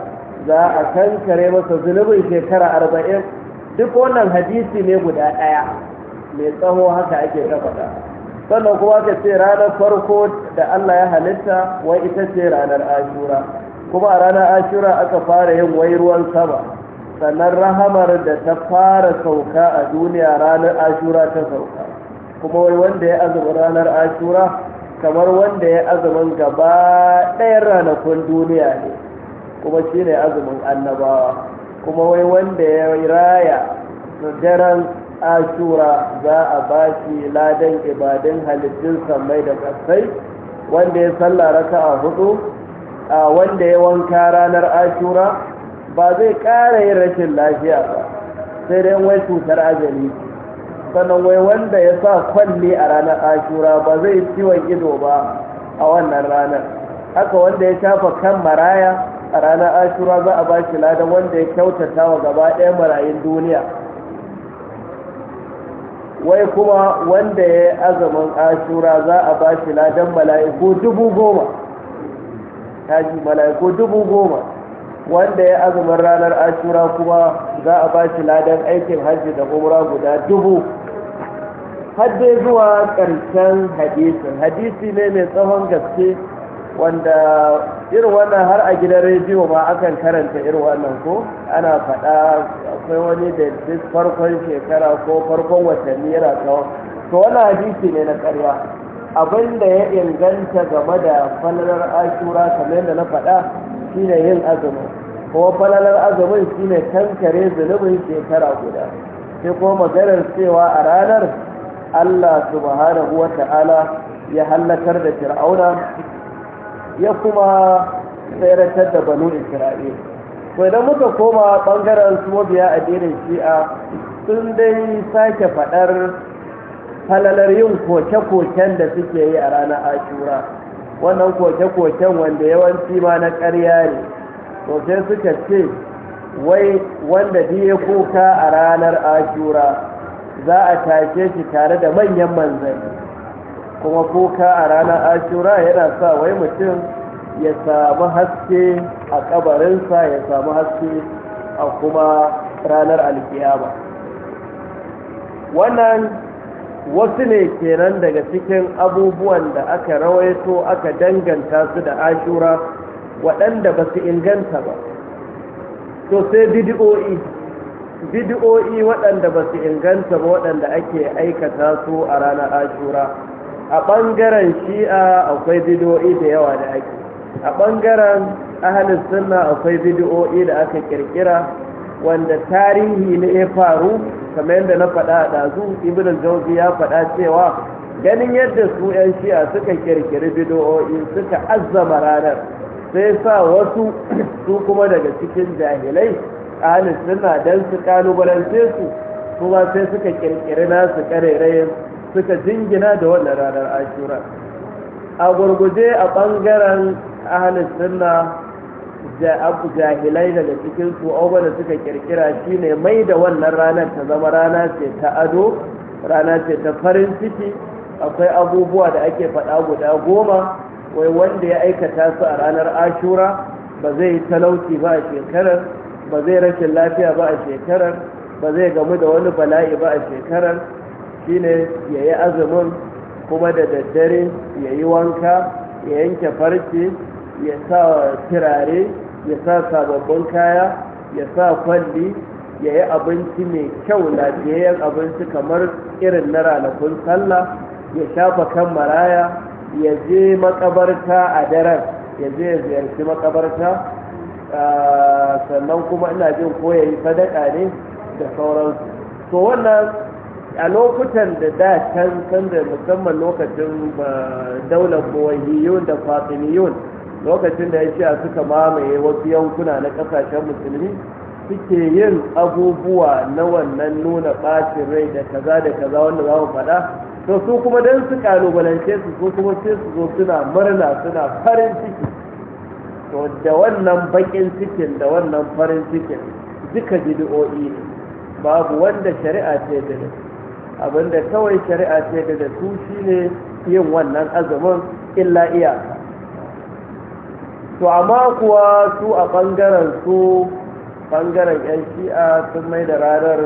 za a kankare masa zunubin shekara arba'in duk wannan hadisi ne guda ɗaya mai tsawo haka ake tafada sannan kuma ka ce ranar farko da Allah ya halitta wai ita ce ranar ashura kuma ranar ashura aka fara yin wai ruwan sama sannan rahamar da ta fara sauka a duniya ranar ashura ta sauka kuma wai wanda ya azumin ranar ashura kamar wanda ya azumin gaba ɗayan ranakun duniya ne kuma shine azumin annabawa kuma wai wanda ya raya daren ashura za a ba shi ladan ibadin halittun samai da kasai wanda ya salla raka a hudu a wanda ya wanka ranar ashura ba zai ƙara yin rashin lafiya ba sai dai wai cutar ajali sannan wai wanda ya sa kwalli a ranar ashura ba zai ciwon ido ba a wannan ranar haka wanda ya shafa kan maraya a ranar ashura za a ba shi ladan wanda ya kyautata wa gaba ɗaya marayun duniya wai kuma wanda ya yi azumin ashura za a ba shi ladan mala'iku dubu goma ji mala'iku dubu goma wanda ya azumin ranar ashura kuma za a ba shi ladan aikin hajji da umra guda dubu har zuwa ƙarshen hadisin hadisi ne mai tsawon gaske wanda irin wannan har a gidan rediyo ma akan karanta irin wannan ko ana faɗa akwai wani da duk farkon shekara ko farkon watanni yana kawo to wannan hadisi ne na ƙarya abin da ya inganta game da falalar ashura kamar yadda na faɗa shine yin azumi ko falalar azumin shine tankare zunubin shekara guda sai kuma maganar cewa a ranar Allah subhanahu wa ta'ala ya hallakar da fir'auna ya kuma tsayarantar da banu isra'il to idan muka koma bangaren su mabiya addinin shi'a sun dai sake faɗar halalar yin koke-koken da suke yi a ranar ashura wannan koke-koken wanda yawanci ma na ƙarya ne to suka ce wai wanda ya kuka a ranar ashura za a tashe shi tare da manyan manzanni kuma kuka a ranar ashura yana sa wai mutum ya samu haske a kabarinsa ya samu haske a kuma ranar alkiyama wannan wasu ne kenan daga cikin abubuwan da aka rawaito aka danganta su da ashura waɗanda ba su inganta ba to sai bidiyo'i bidiyo'i waɗanda ba su inganta ba waɗanda ake aikata su a ranar ashura a ɓangaren shi'a akwai bidiyo'i da yawa da ake a ɓangaren ahalin sunna akwai bidiyo'i da aka ƙirƙira wanda tarihi na ya faru kamar yadda na faɗa ɗazu ibn al ya faɗa cewa ganin yadda su 'yan shi'a suka kirkiri bidiyo'i suka azzama ranar sai sa wasu [CLEARS THROAT] su kuma daga cikin jahilai ahalin sunna don su kalubalance su kuma sai suka ƙirƙiri nasu ƙarerayen suka jingina da wannan ranar ashura a gurguje a ɓangaren ahalin sunna jahilai daga cikin su abubuwan da suka kirkira shine mai da wannan ranar ta zama rana ce ta ado rana ce ta farin ciki akwai abubuwa da ake faɗa guda goma wai wanda ya aikata su a ranar ashura ba zai yi talauci ba a shekarar ba zai rashin lafiya ba a shekarar ba zai gamu da wani bala'i ba a shekarar shine ya yi azumin kuma da daddare ya yi wanka ya yanke farce ya sa turare ya sa sababbin kaya ya sa kwalli ya yi abinci mai kyau lafiyayyen abinci kamar irin na ranakun sallah ya shafa kan maraya ya je makabarta a daren ya je ya ziyarci makabarta ah, sannan kuma ina jin ko ya yi sadaka ne da sauransu to wannan a lokutan da da can san musamman lokacin daular buwahiyun da fatimiyun lokacin da ya a suka mamaye wasu yankuna na kasashen musulmi suke yin abubuwa na wannan nuna ɓacin rai da kaza da kaza wanda za mu faɗa to su kuma don su kalubalance su su kuma sai su zo suna murna suna farin ciki to da wannan baƙin cikin da wannan farin cikin duka bidi'o'i ne babu wanda shari'a ce da abinda kawai shari'a ce da su shine yin wannan azumin illa iyaka to amma kuwa su a ɓangaren su ɓangaren 'yan shi'a sun mai da ranar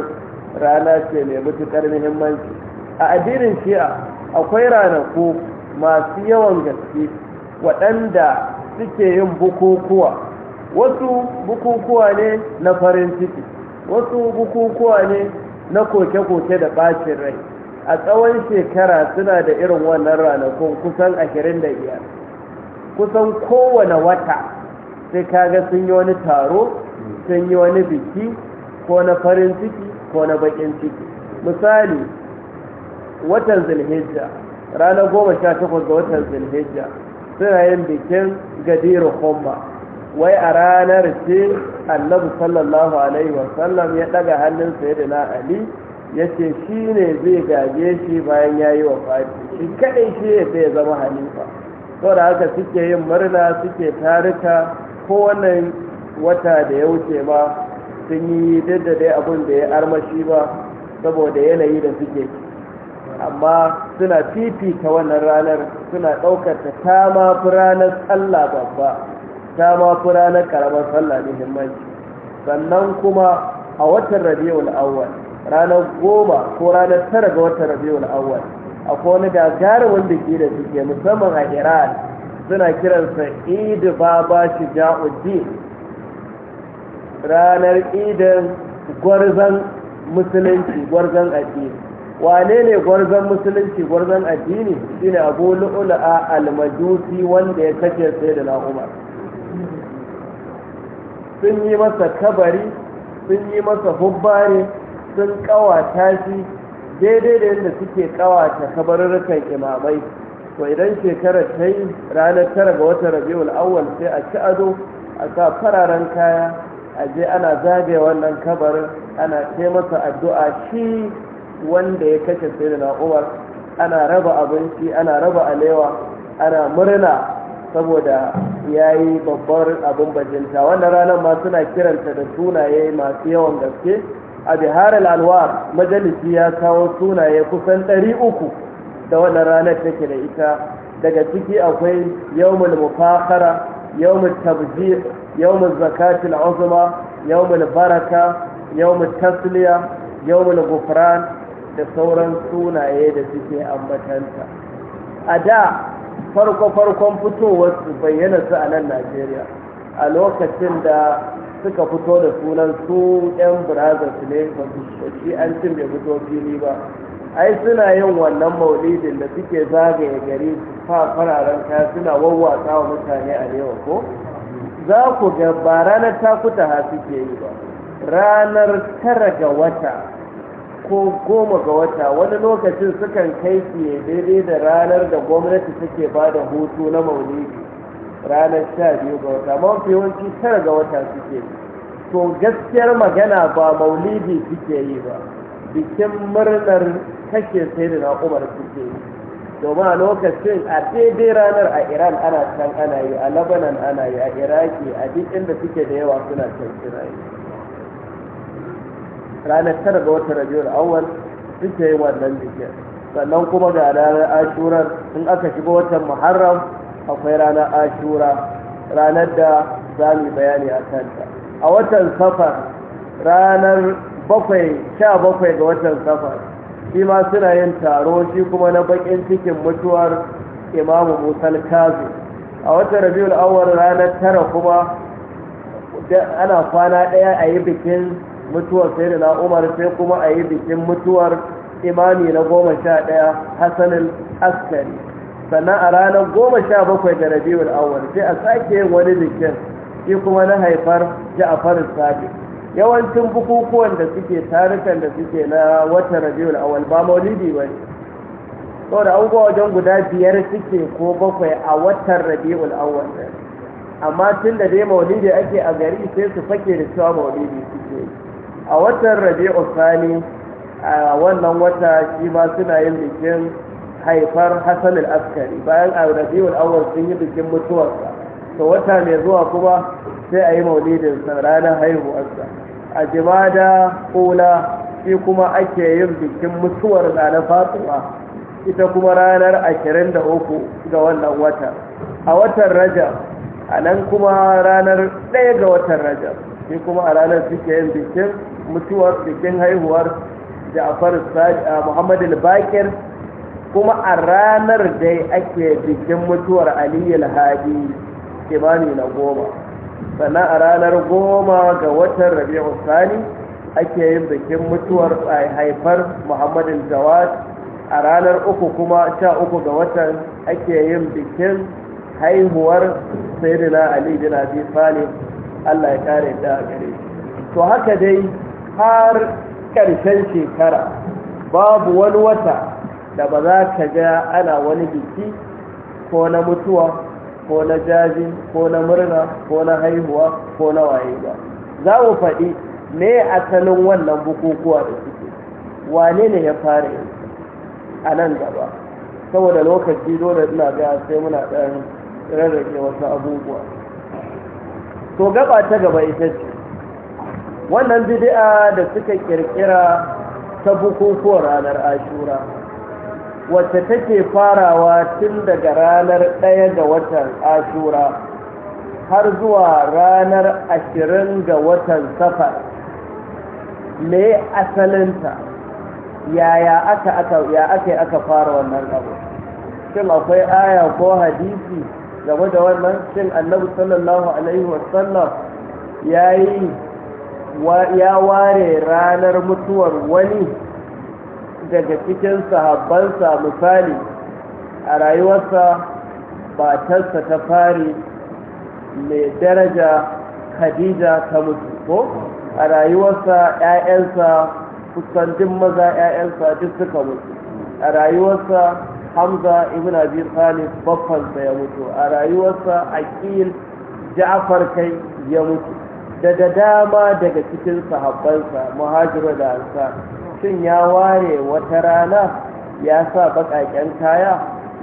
rana ce mai matuƙar muhimmanci a addinin shi'a akwai ranaku masu yawan gaske waɗanda suke yin bukukuwa wasu bukukuwa ne na farin ciki wasu bukukuwa ne na koke-koke da bacin rai a tsawon shekara suna da irin wannan ranakun kusan ashirin da biyar kusan kowane wata sai kaga sun yi wani taro sun yi wani biki ko na farin ciki ko na bakin ciki misali watan zilhijja ranar goma sha takwas ga watan zilhijja suna yin bikin gadiru homba. wai a ranar ce annabi sallallahu alaihi wasallam ya daga hannun sayyidina ali ya ce shi ne zai gaje shi bayan ya yi wa fati shi kaɗai shi ya zai zama halifa saboda haka suke yin murna suke tarika ko wannan wata da ya wuce ba, sun yi duk da dai abin da ya armashi ba saboda yanayi da suke amma suna fifita wannan ranar suna ɗaukar ta ma ranar tsalla babba ta ma fi ranar karamar sallah muhimmanci sannan kuma a watan rabiul awwal ranar goma ko ranar tara ga watan rabiul awwal akwai wani gagarumin biki da suke musamman a iran suna kiransa idi baba shija'uddin ranar idin gwarzan musulunci gwarzan addini wane ne gwarzon musulunci gwarzon addini shine abu lu'ula'a al-majusi wanda ya kace sai da na umar sun yi masa kabari sun yi masa hubbari sun kawata shi daidai da yadda suke kawata kabarurrukan imamai to idan shekarar ta yi ranar tara ga watan rabiul awwal sai a ci ado a sa fararen kaya a je ana zagaye wannan kabarin ana ce masa addu'a shi wanda ya kashe sai na'uwar umar ana raba abinci ana raba alewa ana murna saboda ya yi babbar abin bajinta wannan ranar ma suna kiranta da sunaye masu yawan gaske a bihar al'anwar majalisi ya kawo sunaye kusan ɗari uku da wannan ranar take da ita daga ciki akwai yawmul mufakara yawmul tabjir yawmul zakatul uzma yawmul baraka yawmul tasliya yawmul gufran da sauran sunaye da suke ambatanta a da farko-farkon fitowar su bayyana su a nan najeriya a lokacin da suka fito da sunan su 'yan brazil ne ba su shi an cin bai fito fili ba ai suna yin wannan maulidin da suke zagaye gari su fa fararen kaya suna wawwasa wa mutane a yau ko za ku ga ba ranar takuta ha suke yi ba ranar tara ga wata ko goma ga wata wani lokacin sukan kai fiye daidai da ranar da gwamnati take ba da hutu na maulidi ranar sha biyu ga wata mafi yawanci tara ga wata suke to gaskiyar magana ba maulidi suke yi ba bikin murnar kashe sai da na'umar suke yi domin a lokacin a daidai ranar a iran ana can ana yi a labanan ana yi a iraki a duk inda suke da yawa suna can suna yi ranar tara ga watan rabiul awwal suke yi wannan bikin sannan kuma ga ranar ashurar in aka shiga watan muharram akwai ranar ashura ranar da za mu bayani a kanta a watan safar ranar bakwai sha bakwai ga watan safar shi ma suna yin taro shi kuma na bakin cikin mutuwar imamu musal kazi a watan rabiul awwal ranar tara kuma ana kwana ɗaya a yi bikin mutuwar sai na umar sai kuma a yi bikin mutuwar imami na goma sha ɗaya hassanin askari sannan a ranar goma sha bakwai da rabiul awwal sai a sake yin wani bikin shi kuma na haifar ja'far sabi yawancin bukukuwan da suke tarukan da suke na watan rabiul awwal ba maulidi ba ne saboda abubuwa wajen guda biyar suke ko bakwai a watan rabi'ul awwal amma tun da dai maulidi ake a gari sai su fake da cewa maulidi suke a watan rabi'u usani a wannan wata shi ma suna yin bikin haifar hasan al-askari bayan a rabi'ul awwal sun yi bikin mutuwarsa to wata mai zuwa kuma sai a yi maulidin sa ranar haihuwarsa a da kula shi kuma ake yin bikin mutuwar na fatima ita kuma ranar 23 ga wannan wata a watan rajab a nan kuma ranar 1 ga watan rajab sai kuma a ranar suke yin bikin mutuwar bikin haihuwar ja'far muhammad al-bakir kuma a ranar dai ake bikin mutuwar ali al-hadi kimani na goma sannan a ranar goma ga watan rabi'u sani ake yin bikin mutuwar haifar muhammad al-jawad a ranar uku kuma sha uku ga watan ake yin bikin haihuwar sayyidina ali bin abi talib Allah ya kare da gare to haka dai har ƙarshen shekara babu wani wata da ba za ka ga ana wani biki ko na mutuwa ko na jaji ko na murna ko na haihuwa ko na waye ba za mu faɗi me asalin wannan bukukuwa da suke wane ne ya fara a nan gaba saboda lokaci dole ina ga sai muna ɗan rarrake wasu abubuwa to gaba ta gaba ita ce wannan bid'a da suka kirkira ta bukukuwa ranar ashura wacce take farawa tun daga ranar ɗaya ga watan ashura har zuwa ranar ashirin ga watan safar me asalinta yaya aka aka ya aka fara wannan abu shin akwai aya ko hadisi game da wannan cin annabi sallallahu alaihi wasallam ya yi ya ware ranar mutuwar wani daga cikin sahabbansa misali a rayuwarsa matarsa ta fari mai daraja khadija ta mutu ko a rayuwarsa 'ya'yansa kusan duk maza 'ya'yansa duk suka mutu a rayuwarsa hamza ibn abi talib babbansa ya mutu a rayuwarsa aqil ja'far kai ya mutu daga dama daga cikin sahabbansa muhajiru da ansa shin ya ware wata rana ya sa baƙaƙen kaya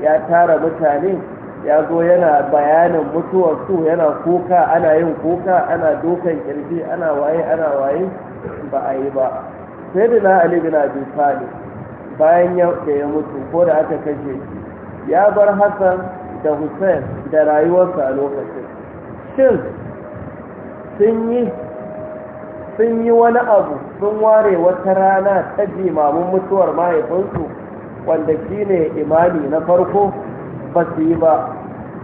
ya tara mutane ya zo yana bayanin mutuwar su yana kuka ana yin kuka ana dokan kirji ana waye ana waye ba a yi ba sai da na ali bin abi talib bayan da ya mutu ko da aka kashe shi ya bar hassan da hussein da rayuwarsa a lokacin shin sun yi wani abu sun ware wata rana ta jimamin mutuwar mahaifinsu wanda shi ne imani na farko ba su yi ba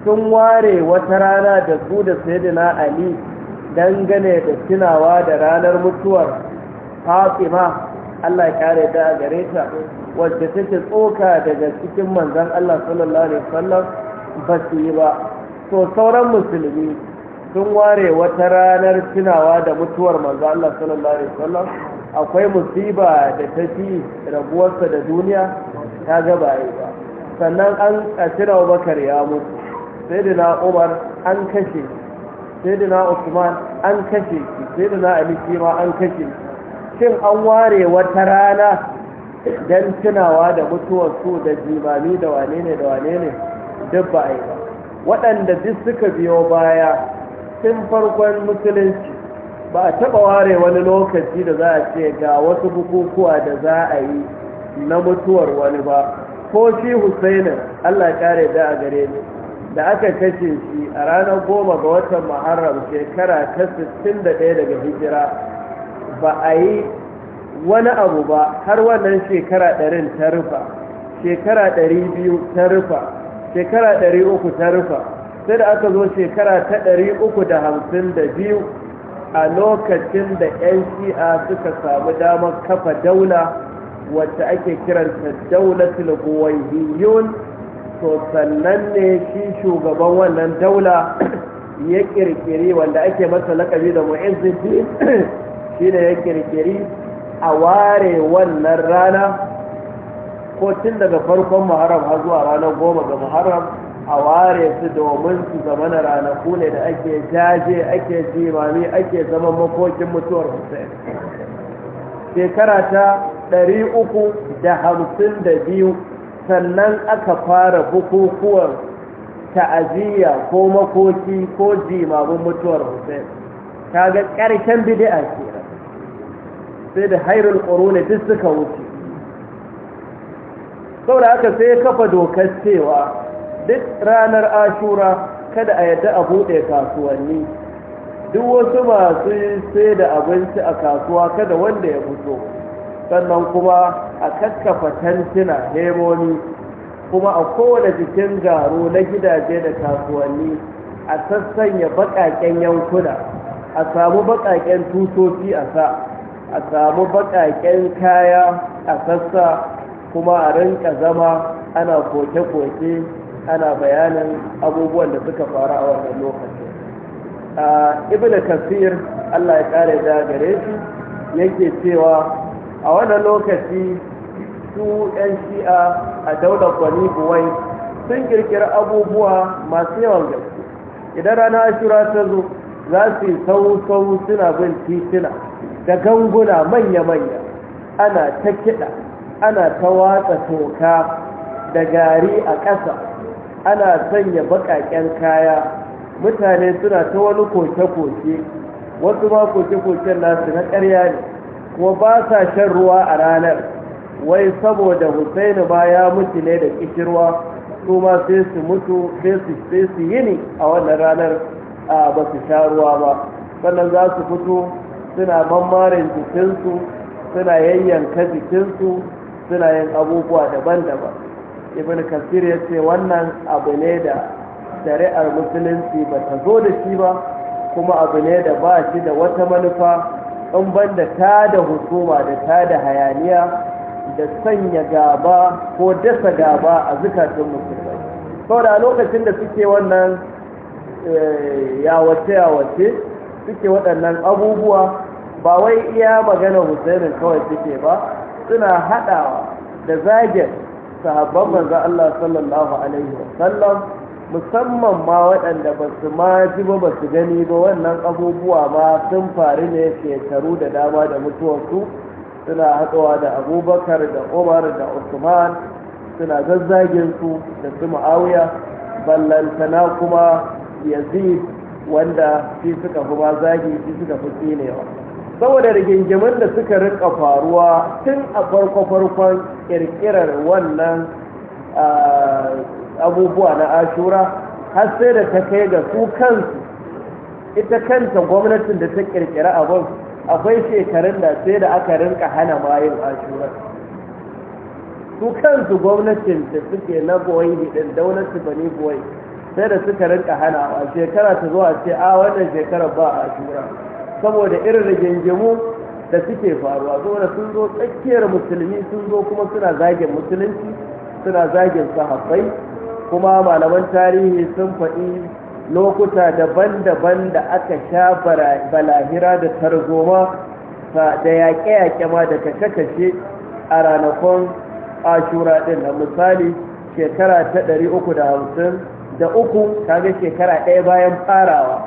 sun ware wata rana da su da saidina ali dangane da tunawa da ranar mutuwar fatima Allah ya kare ta a gare ta wacce take tsoka daga cikin manzan Allah sallallahu alaihi wasallam ba su yi ba to sauran musulmi sun ware wata ranar tunawa da mutuwar manzan Allah sallallahu alaihi wasallam akwai musiba da ta fi rabuwarsa da duniya ta gaba yi ba sannan an asira bakar ya mutu sai da na umar an kashe sai da na usman an kashe sai da na ali ma an kashe shin an ware wata rana don tunawa da mutuwar su da jimami da wane ne da wane ne duk ba a yi ba waɗanda duk suka biyo baya sun farkon musulunci ba a taɓa ware wani lokaci da za a ce ga wasu bukukuwa da za a yi na mutuwar wani ba ko shi husainin allah kare da a gare ni da aka kashe shi a ranar goma ga watan muharram shekara ta 61 daga hijira ba a yi wani abu ba har wannan shekara ɗarin ta rufa shekara ɗari biyu ta rufa shekara ɗari uku ta rufa sai da aka zo shekara ta ɗari uku da hamsin da biyu a lokacin da 'yan shi'a suka samu damar kafa daula wacce ake kiranta daulatul buwaihiyun to sannan ne shi shugaban wannan daula ya kirkiri wanda ake masa lakabi da mu'izzuddin shi ne ya kirkiri a ware wannan rana ko tun daga farkon muharram har zuwa ranar goma ga muharram a ware su domin su zama na ranaku ne da ake jaje ake jimami ake zama makokin mutuwar hussein shekara ta ɗari uku da da hamsin biyu sannan aka fara bukukuwan ta'aziyya ko makoki ko jimamin mutuwar hussein kaga ƙarshen bidi'a ke sai da hairul ƙorone duk suka wuce saboda aka sai ya kafa dokar cewa duk ranar ashura kada a yadda a buɗe kasuwanni duk wasu masu sai da abinci a kasuwa kada wanda ya fito sannan kuma a kakkafa tantina hemoni kuma a kowane jikin garo na gidaje da kasuwanni a sassanya baƙaƙen yankuna a samu baƙaƙen tutoci a sa a samu baƙaƙen kaya a sassa kuma a rinka zama ana koke-koke ana bayanin abubuwan da suka faru a wannan lokacin ibn kasir allah ya kare da gare shi yake cewa a wannan lokaci su 'yan shi'a a daular gwani buwai sun kirkiri abubuwa masu yawan gaske idan rana ashura ta zo za su yi sau-sau suna bin titina da ganguna manya-manya ana ta kiɗa ana ta watsa toka da gari a ƙasa ana sanya baƙaƙen kaya mutane suna ta wani koke-koke wasu ma koke-koken nasu na ƙarya ne kuma ba sa shan ruwa a ranar wai saboda husainu ba ya mutu ne da ƙishirwa, su ma sai su mutu sai su yini a wannan ranar ba su sha ruwa ba sannan za su fito suna mammarin jikinsu suna yayyanka jikinsu suna yin abubuwa daban-daban ibn kasir ya ce wannan abu ne da shari'ar musulunci ba ta zo da shi ba kuma abu ne da ba shi da wata manufa in ban da ta da hukuma da ta da hayaniya da sanya gaba ko dasa gaba a zukatun musulmai sau da lokacin da suke wannan eh, yawace-yawace suke waɗannan abubuwa ba wai iya magana husainin kawai suke ba suna haɗawa da zagen sahabban manzo Allah sallallahu alaihi wasallam musamman ma waɗanda ba su ma ji ba ba su gani ba wannan abubuwa ba sun faru ne shekaru da dama da mutuwarsu suna haɗuwa da abubakar da umar da usman suna zazzagin su da su ma'awiya ballantana kuma yazid wanda shi suka fi ba zagi shi suka fi tsinewa saboda rigingimin da suka rika faruwa tun a farko-farkon kirkirar wannan abubuwa na ashura har sai da ta kai ga su kansu ita kanta gwamnatin da ta kirkira abin akwai shekarun da sai da aka rinka hana bayan ashura su kansu gwamnatin da suke na goyi din daunar su bane goyi sai da suka rinka hana a shekara ta zuwa ce a wannan shekarar ba a shura saboda irin rigingimu da suke faruwa saboda sun zo tsakiyar musulmi sun zo kuma suna zagin musulunci suna zagin sahabbai kuma malaman tarihi sun faɗi lokuta daban-daban da aka sha balahira da tarzoma da yaƙe-yaƙe ma da kashe-kashe a ranakun ashura ɗin na misali shekara ta ɗari uku da hamsin. da uku kaga shekara ɗaya bayan farawa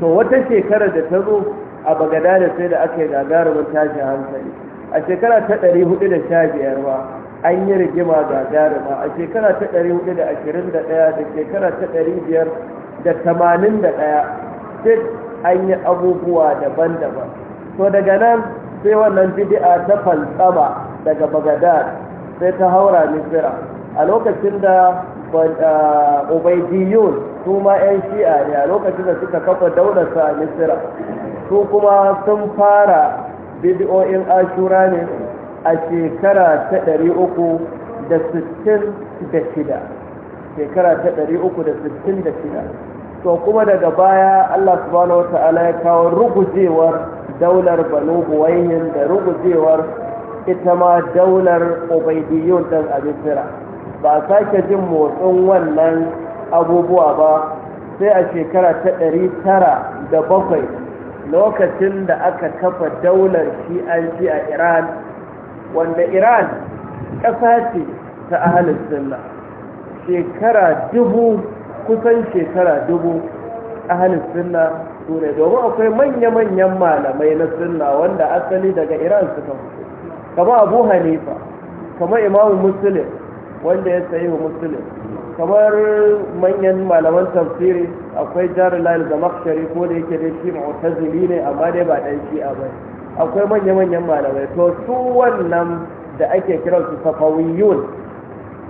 to wata shekara da ta zo a bagada da sai da aka yi gagarumin tashi hankali a shekara ta ɗari hudu da sha biyar ba an yi rigima gagaruma a shekara ta ɗari hudu da ashirin da ɗaya da shekara ta ɗari biyar da tamanin da ɗaya duk an yi abubuwa daban-daban to daga nan sai wannan bidi'a ta falsama daga bagada sai ta haura misira a lokacin da Ah, ubaidiyun su ma 'yan shi'a ne a lokacin da suka kafa daular sa misira su kuma sun fara bidiyoyin ashura ne a shekara ta ɗari uku da da sittin shida, shekara ta ɗari uku da da sittin shida to kuma daga baya Allah subhanahu wa ta'ala ya kawo rugujewar daular banu buwayin da rugujewar ita ma daular ubaidiyun ɗan a misira ba sake jin motsin wannan abubuwa ba sai a shekara ta ɗari tara da bakwai lokacin da aka kafa daular shi'anci a iran wanda iran ƙasa ce ta ahalin sunna shekara dubu kusan shekara dubu ahalin sunna su ne domin akwai manya-manyan malamai na sunna wanda asali daga iran suka fito kama abu hanifa kama imamu muslim wanda ya sayi wa musulun kamar manyan malaman tafsiri akwai jarulal da makshari ko da yake dai shi mu'tazili ne amma dai ba dan shi'a ba akwai manya-manyan malamai to su wannan da ake kiransu safawiyun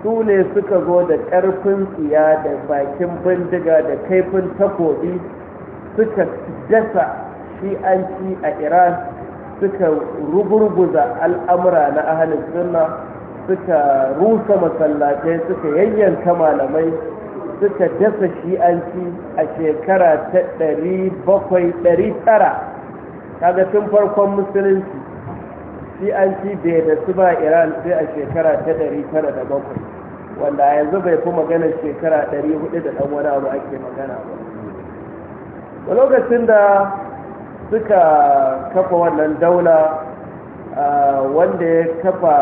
su ne suka zo da ƙarfin tsiya da bakin bindiga da kaifin takobi suka dasa shi'anci a iran suka rugurguza al'amura na ahalin sunna suka rusa masallatai suka yayyanta malamai suka dasa shi'anci a shekara ta 700-900 kaga tun farkon musulunci shi'anci bai da su ba iran sai a shekara ta 907 wanda yanzu bai fi magana shekara 400 da ɗan wani abu ake magana ba lokacin da suka kafa wannan daula ah, wanda ya kafa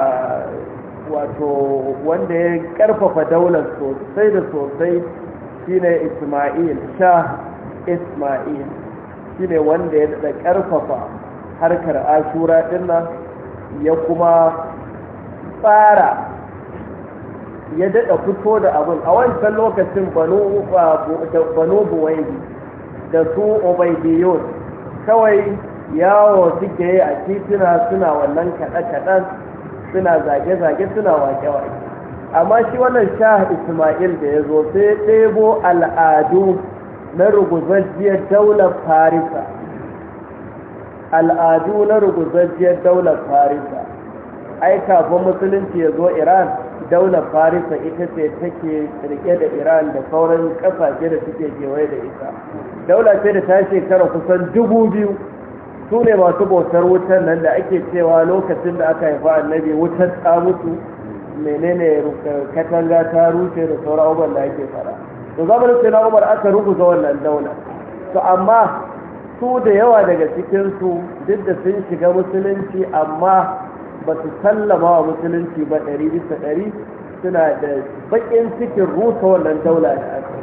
wato wanda ya karfafa daular sosai da sosai shine ismail shah ismail shine wanda ya da karfafa harkar ashura nan, ya kuma tsara ya daɗa fito da abin a wancan lokacin banu Buwayi da su obaidiyon kawai yawo suke yi a titina suna wannan kaɗe-kaɗen suna zage-zage suna wake-wake amma shi wannan shah ismail da ya zo sai ɗebo al'adu na rugujajjiyar daular farisa al'adu na rugujajjiyar daular farisa ai kafin musulunci ya zo iran daular farisa ita ce take rike da iran da sauran kasashe da suke kewaye da ita daula ce da ta shekara kusan dubu biyu su ne masu bautar wutar nan da ake cewa lokacin da aka haifa annabi wutar ta mutu menene katanga ta rushe da sauran abubuwan da ake fara to za mu sai na umar aka ga wannan daula to amma su da yawa daga cikinsu duk da sun shiga musulunci amma ba su sallama wa musulunci ba ɗari bisa ɗari suna da baƙin cikin rusa wannan daula da aka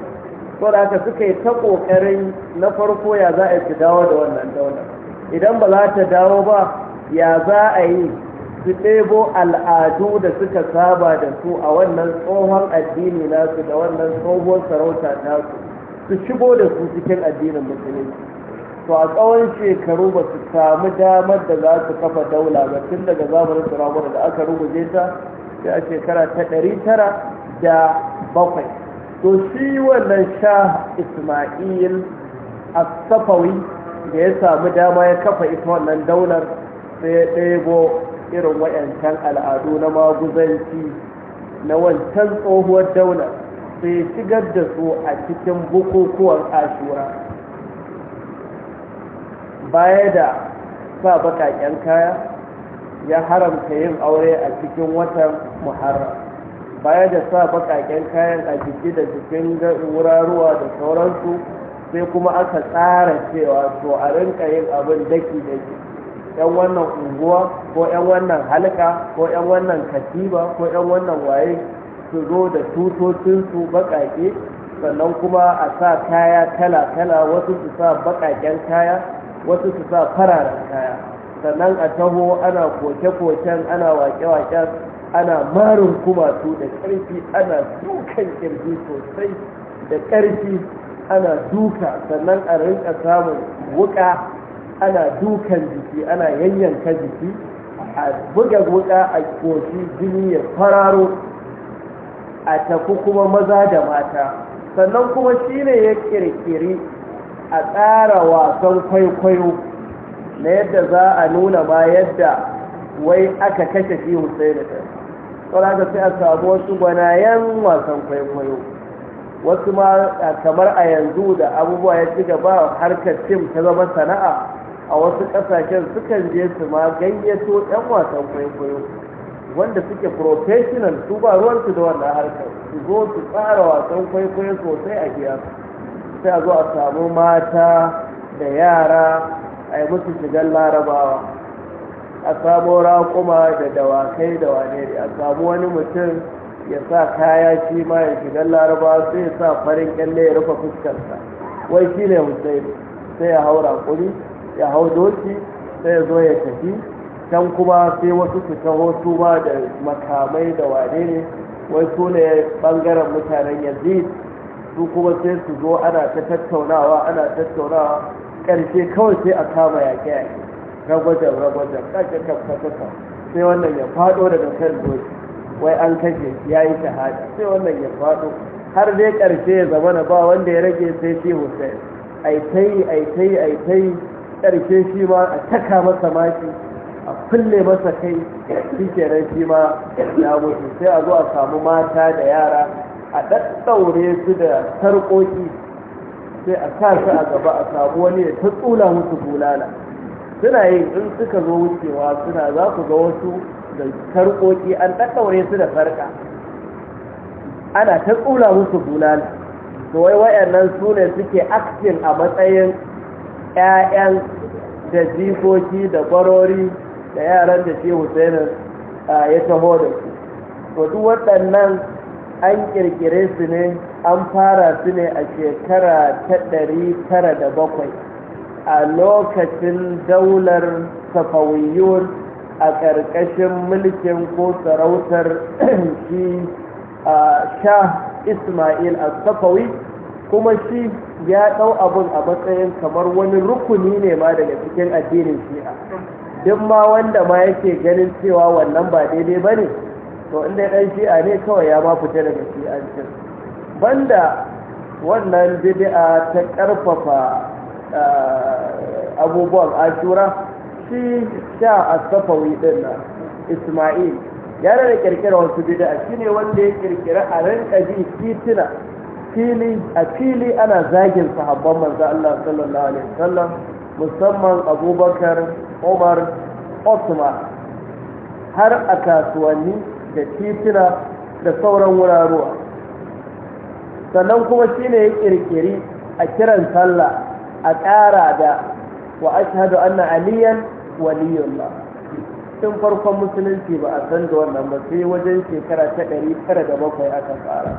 saboda haka suka yi ta ƙoƙarin na farko ya za a yi dawo da wannan daular idan ba za ta dawo ba ya za a yi su ɗebo al'adu da suka saba da su a wannan tsohon addini nasu da wannan tsohon sarauta nasu su shigo da su cikin addinin musulunci to a tsawon shekaru ba su samu damar da za su kafa daula ba tun daga zamanin turamuna da aka rubuje ta sai a shekara ta ɗari tara da bakwai to shi wannan sha ismail Asafawi? da ya sami dama ya kafa ita wannan daular sai ya ɗebo irin wayancan al'adu na maguzanci na wancan tsohuwar daular sai ya shigar da su a cikin bukukuwan ashura baya da sa baƙaƙen kaya ya haramta yin aure a cikin watan muharram baya da sa baƙaƙen kayan a jiki da jikin wuraruwa da sauransu sai kuma aka tsara cewa to a rinka yin abin daki daki yan wannan unguwa ko yan wannan halka ko yan wannan katiba ko yan wannan waye su zo da tutocinsu baƙaƙe sannan kuma a sa kaya kala kala wasu su sa baƙaƙen kaya wasu su sa fararen kaya sannan a taho ana koke-koken ana waƙe waken ana marin kumatu da ƙarfi ana dukan ƙirji sosai da ƙarfi ana duka sannan a rinka samun wuka ana dukan jiki ana yanyanka jiki a buga wuka a koshi jini ya fararo a tafi kuma maza da mata sannan kuma shi ne ya kirkiri a tsara wasan kwaikwayo na yadda za a nuna ma yadda wai aka kashe shi hussein da ta sai a samu wasu gwanayen wasan kwaikwayo wasu ma kamar a yanzu da abubuwa ya ci gaba harkar tim ta zama sana'a a wasu ƙasashen sukan je su ma gayyato 'yan wasan kwaikwayo wanda suke professional su ba ruwansu da wannan harkar su zo su tsara wasan kwaikwayo sosai a biya sai a zo a samu mata da yara a yi musu shigar larabawa a samu raƙuma da dawakai da wane a samu wani mutum ya sa kaya shi ma ya shiga laraba sai ya sa farin kyalle ya rufe fuskarsa wai shi ne hussein sai ya hau kuri ya hau doki sai ya zo ya tafi can kuma sai wasu su taho su ma da makamai da wane ne wai su ne ɓangaren mutanen yazid su kuma sai su zo ana ta tattaunawa ana tattaunawa Karshe kawai sai a kama yaƙe-yaƙe ragwajen ragwajen kakakakakaka sai wannan ya faɗo daga kan doki wai an kashe ya yi shahada sai wannan ya faɗo har dai ƙarshe ya zama na ba wanda ya rage sai shi hussein aitai aitai aitai ƙarshe shi ma a taka masa maki a kulle masa kai shi kenan shi ma ya mutu sai a zo a samu mata da yara a ɗaɗɗaure su da sarƙoƙi sai a sa su a gaba a samu wani ya ta tsula musu bulala suna yin in suka zo wucewa suna za ku ga wasu da sarƙoƙi an ɗaɗɗaure su da farka, ana ta tsula musu bulala to wai wayannan su ne suke aktin a matsayin ƴaƴan da jikoki da barori da yaran da ke Husainin ya taho da su to waɗannan an ƙirƙire su ne an fara su ne a shekara ta ɗari tara da bakwai a lokacin daular safawiyun a ƙarƙashin mulkin ko sarautar [CLEARS THROAT] shi a sha ismail a safawi kuma shi ya ɗau abin a matsayin kamar wani rukuni ne ma daga cikin addinin shi'a duk ma wanda ma yake ganin cewa wannan ba daidai ba ne to inda ɗan shi'a ne kawai ya ma fita daga shi'ancin banda wannan bid'a ta ƙarfafa abubuwan ashura shi sha a safawi din nan ismail ya da kirkira wasu bida shi ne wanda ya kirkira a rinka ji titina fili a fili ana zagin sahabban manzo Allah sallallahu alaihi wasallam musamman abubakar umar osman har a kasuwanni da titina da sauran wuraruwa sannan kuma shi ne ya ƙirƙiri a kiran sallah a ƙara da wa ashhadu anna aliyan waliyullah tun farkon musulunci ba a san da wannan ba sai wajen shekara ta ɗari tara da bakwai aka fara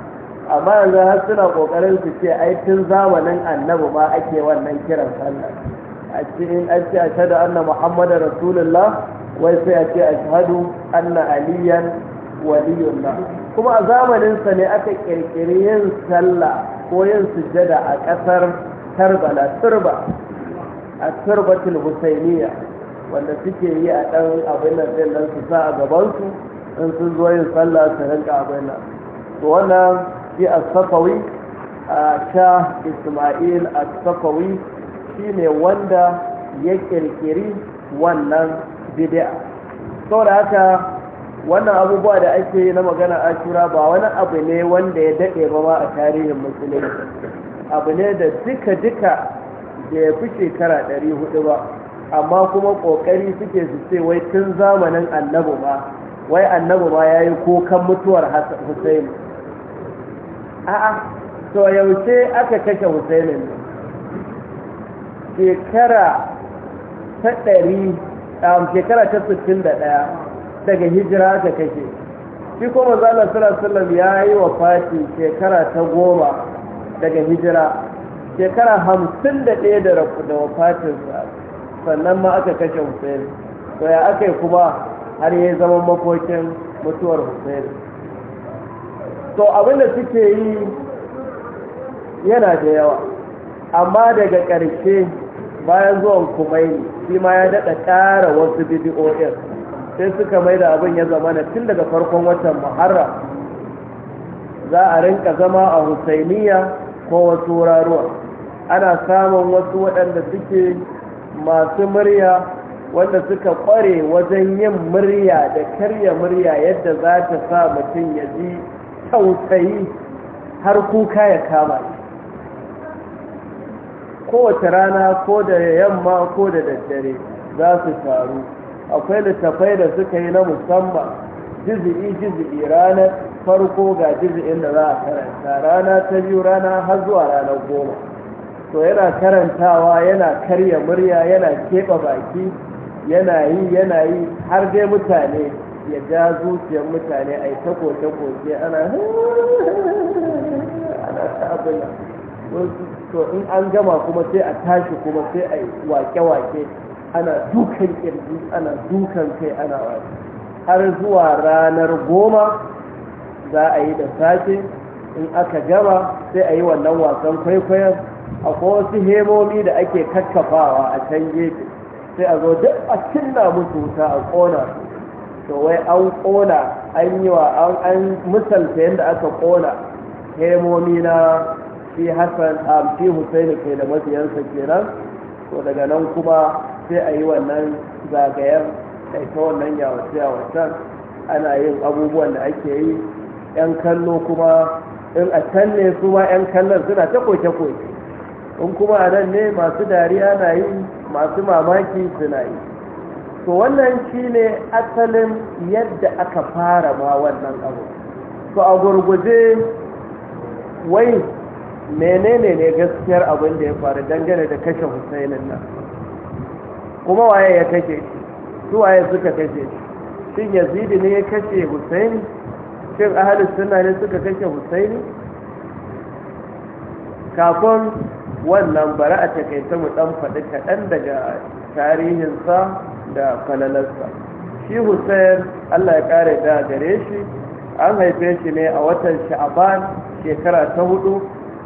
amma yanzu har suna ƙoƙarin su ce ai tun zamanin annabi ma ake wannan kiran sallah a ce in an ce ashhadu anna muhammadan rasulullah wai sai a ce ashhadu anna aliyan waliyullah kuma a zamanin sa ne aka kirkiri yin sallah ko yin sujjada a ƙasar karbala turba a turbatul husainiya wanda suke yi a ɗan abin nan ɗin nan su sa a gabansu in sun zo yin sallah su rinka abin nan to wannan shi asafawi a sha isma'il asafawi safawi shine wanda ya kirkiri wannan bid'a saboda haka wannan abubuwa da ake yi na magana ashura ba wani abu ne wanda ya daɗe ba ma a tarihin musulunci abu ne da duka duka da ya fi shekara ɗari hudu ba amma kuma kokari suke su ce wai tun zamanin annabu ba wai annabu ba yi kokan mutuwar Hussein a'a to yaushe aka kashe Hussein shekara ta ɗari um, shekara ta sittin da ɗaya daga hijira aka kashe shi kuma zala sallallahu ya yi wa fashi shekara ta goma daga hijira shekara hamsin da ɗaya da wafatinsa sannan ma aka kashe hussein to ya aka yi kuma har ya zama makokin mutuwar hussein to da suke yi yana da yawa amma daga ƙarshe bayan zuwan kumai shi ma ya daɗa ƙara wasu bidiyoyin sai suka mai da abin ya zama na tun daga farkon watan muharram za a rinka zama a husainiya ko wasu wuraruwa ana samun wasu waɗanda suke masu murya wanda suka kware wajen yin murya da karya murya yadda za ta sa mutum ya ji tausayi har kuka ya kama kowace rana ko da yamma ko da daddare za su taru akwai littafai da suka yi na musamman jizi'i jizi'i ranar farko ga jizi'in da za a karanta rana ta biyu rana har zuwa ranar goma to yana karantawa yana karya murya yana keɓa baki yana yi yana yi har dai mutane ya ja zuciyar mutane a yi ta koke-koke ana ana tabula to in an gama kuma sai a tashi kuma sai a yi wake-wake ana dukan kirji ana dukan kai ana wake har zuwa ranar goma za a yi da safe in aka gama sai a yi wannan wasan kwaikwayon akwai wasu hemomi da ake kakkafawa a can gefe sai a zo duk a cinna musu wuta a ƙona to wai an ƙona an yi wa an misalta yadda aka ƙona hemomi na fi hassan a fi husaini ke da ke kenan to daga nan kuma sai a yi wannan zagayen a ta wannan yawace-yawacen ana yin abubuwan da ake yi 'yan kallo kuma in a can ne su ma 'yan kallon suna ta koke in kuma a nan ne masu dariya na yi masu mamaki suna yi to wannan shi ne asalin yadda aka fara ma wannan abu to a gurguje wai menene ne gaskiyar abin da ya faru dangane da kashe husainin nan kuma waye ya kashe shi su waye suka kashe shi shin yazidi ne ya kashe husaini shin ahalus suna ne suka kashe husaini kafin wannan bara a takaita mu dan faɗi kaɗan daga tarihinsa da falalarsa shi hussein allah ya ƙare da gare shi an haife shi ne a watan sha'aban shekara ta hudu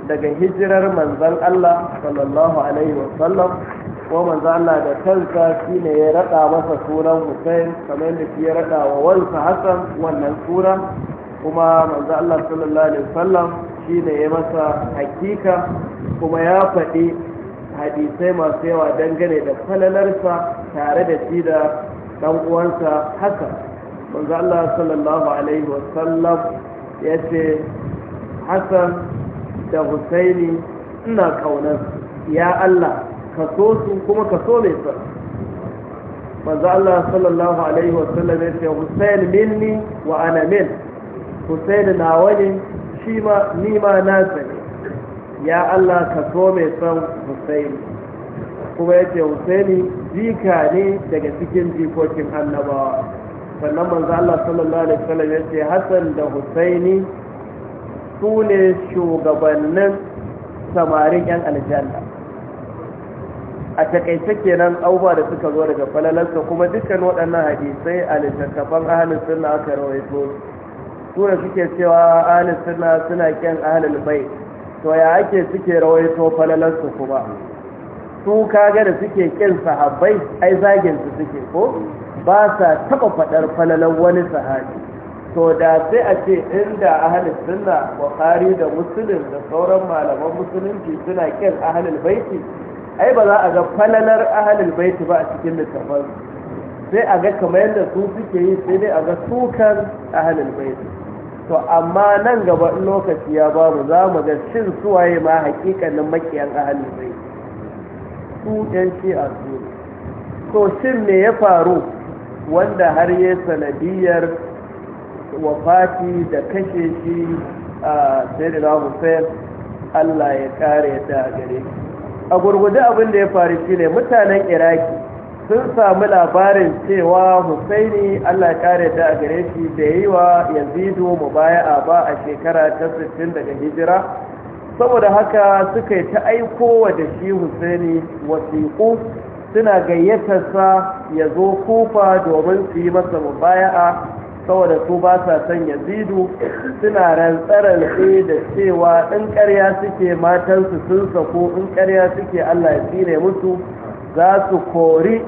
daga hijirar manzan allah sallallahu alaihi wasallam ko manzan allah da kansa shi ne ya raɗa masa sunan hussein kamar yadda shi ya raɗa wa wansa hassan wannan sura kuma manzan allah sallallahu alaihi wasallam shi ne ya masa hakika kuma ya faɗi hadisai masu yawa dangane da falalarsa tare da shi da ɗan haka manzo Allah sallallahu alaihi wasallam ya ce Hassan da Husaini ina kaunar ya Allah ka so su kuma ka so mai son manzo Allah sallallahu alaihi wasallam ya ce Husain minni wa ana min Husain nawa ne shi ma ni ma na zane ya Allah ka so mai son Husaini kuma yace Husaini jika ne daga cikin jikokin annabawa sannan manzo Allah sallallahu alaihi wasallam ce Hassan da Husaini su ne shugabannin samarin yan aljanna a takaice kenan Auba da suka zo daga falalarsa kuma dukkan waɗannan hadisai a littattafan ahalin sunna aka rawaito su da suke cewa ahalin suna suna kyan ahalin bai to ya ake suke rawaito falalarsu kuma su kaga da suke kyan sahabbai ai zagin suke ko ba sa taba fadar falalar wani sahabi to da sai a ce inda ahalin sunna bukhari da muslim da sauran malaman musulunci suna kyan ahalin baiti ai ba za a ga falalar ahalin baiti ba a cikin littafansu sai a ga kamar yadda su suke yi sai dai a ga sukan ahalin baiti to amma nan gaba lokaci ya ba mu za mu ga cin suwaye ma hakikanin makiyan ahalin zai su yan a su to shin me ya faru wanda har ya sanadiyar wafati da kashe shi a sayyidina hussein allah ya kare ta gare a gurgudu abin da ya faru shine mutanen iraki sun samu labarin cewa husaini allah kare da a gare shi da yi wa yazidu mubaya'a ba a shekara ta 60 daga hijira saboda haka suka yi ta aiko wa da shi husaini wasiƙu suna gayyatarsa ya zo kufa domin su yi masa mubaya'a saboda su ba sa son yazidu suna rantsarantse da cewa in ƙarya suke matansu sun sako in ƙarya suke allah ya tsire musu za su kori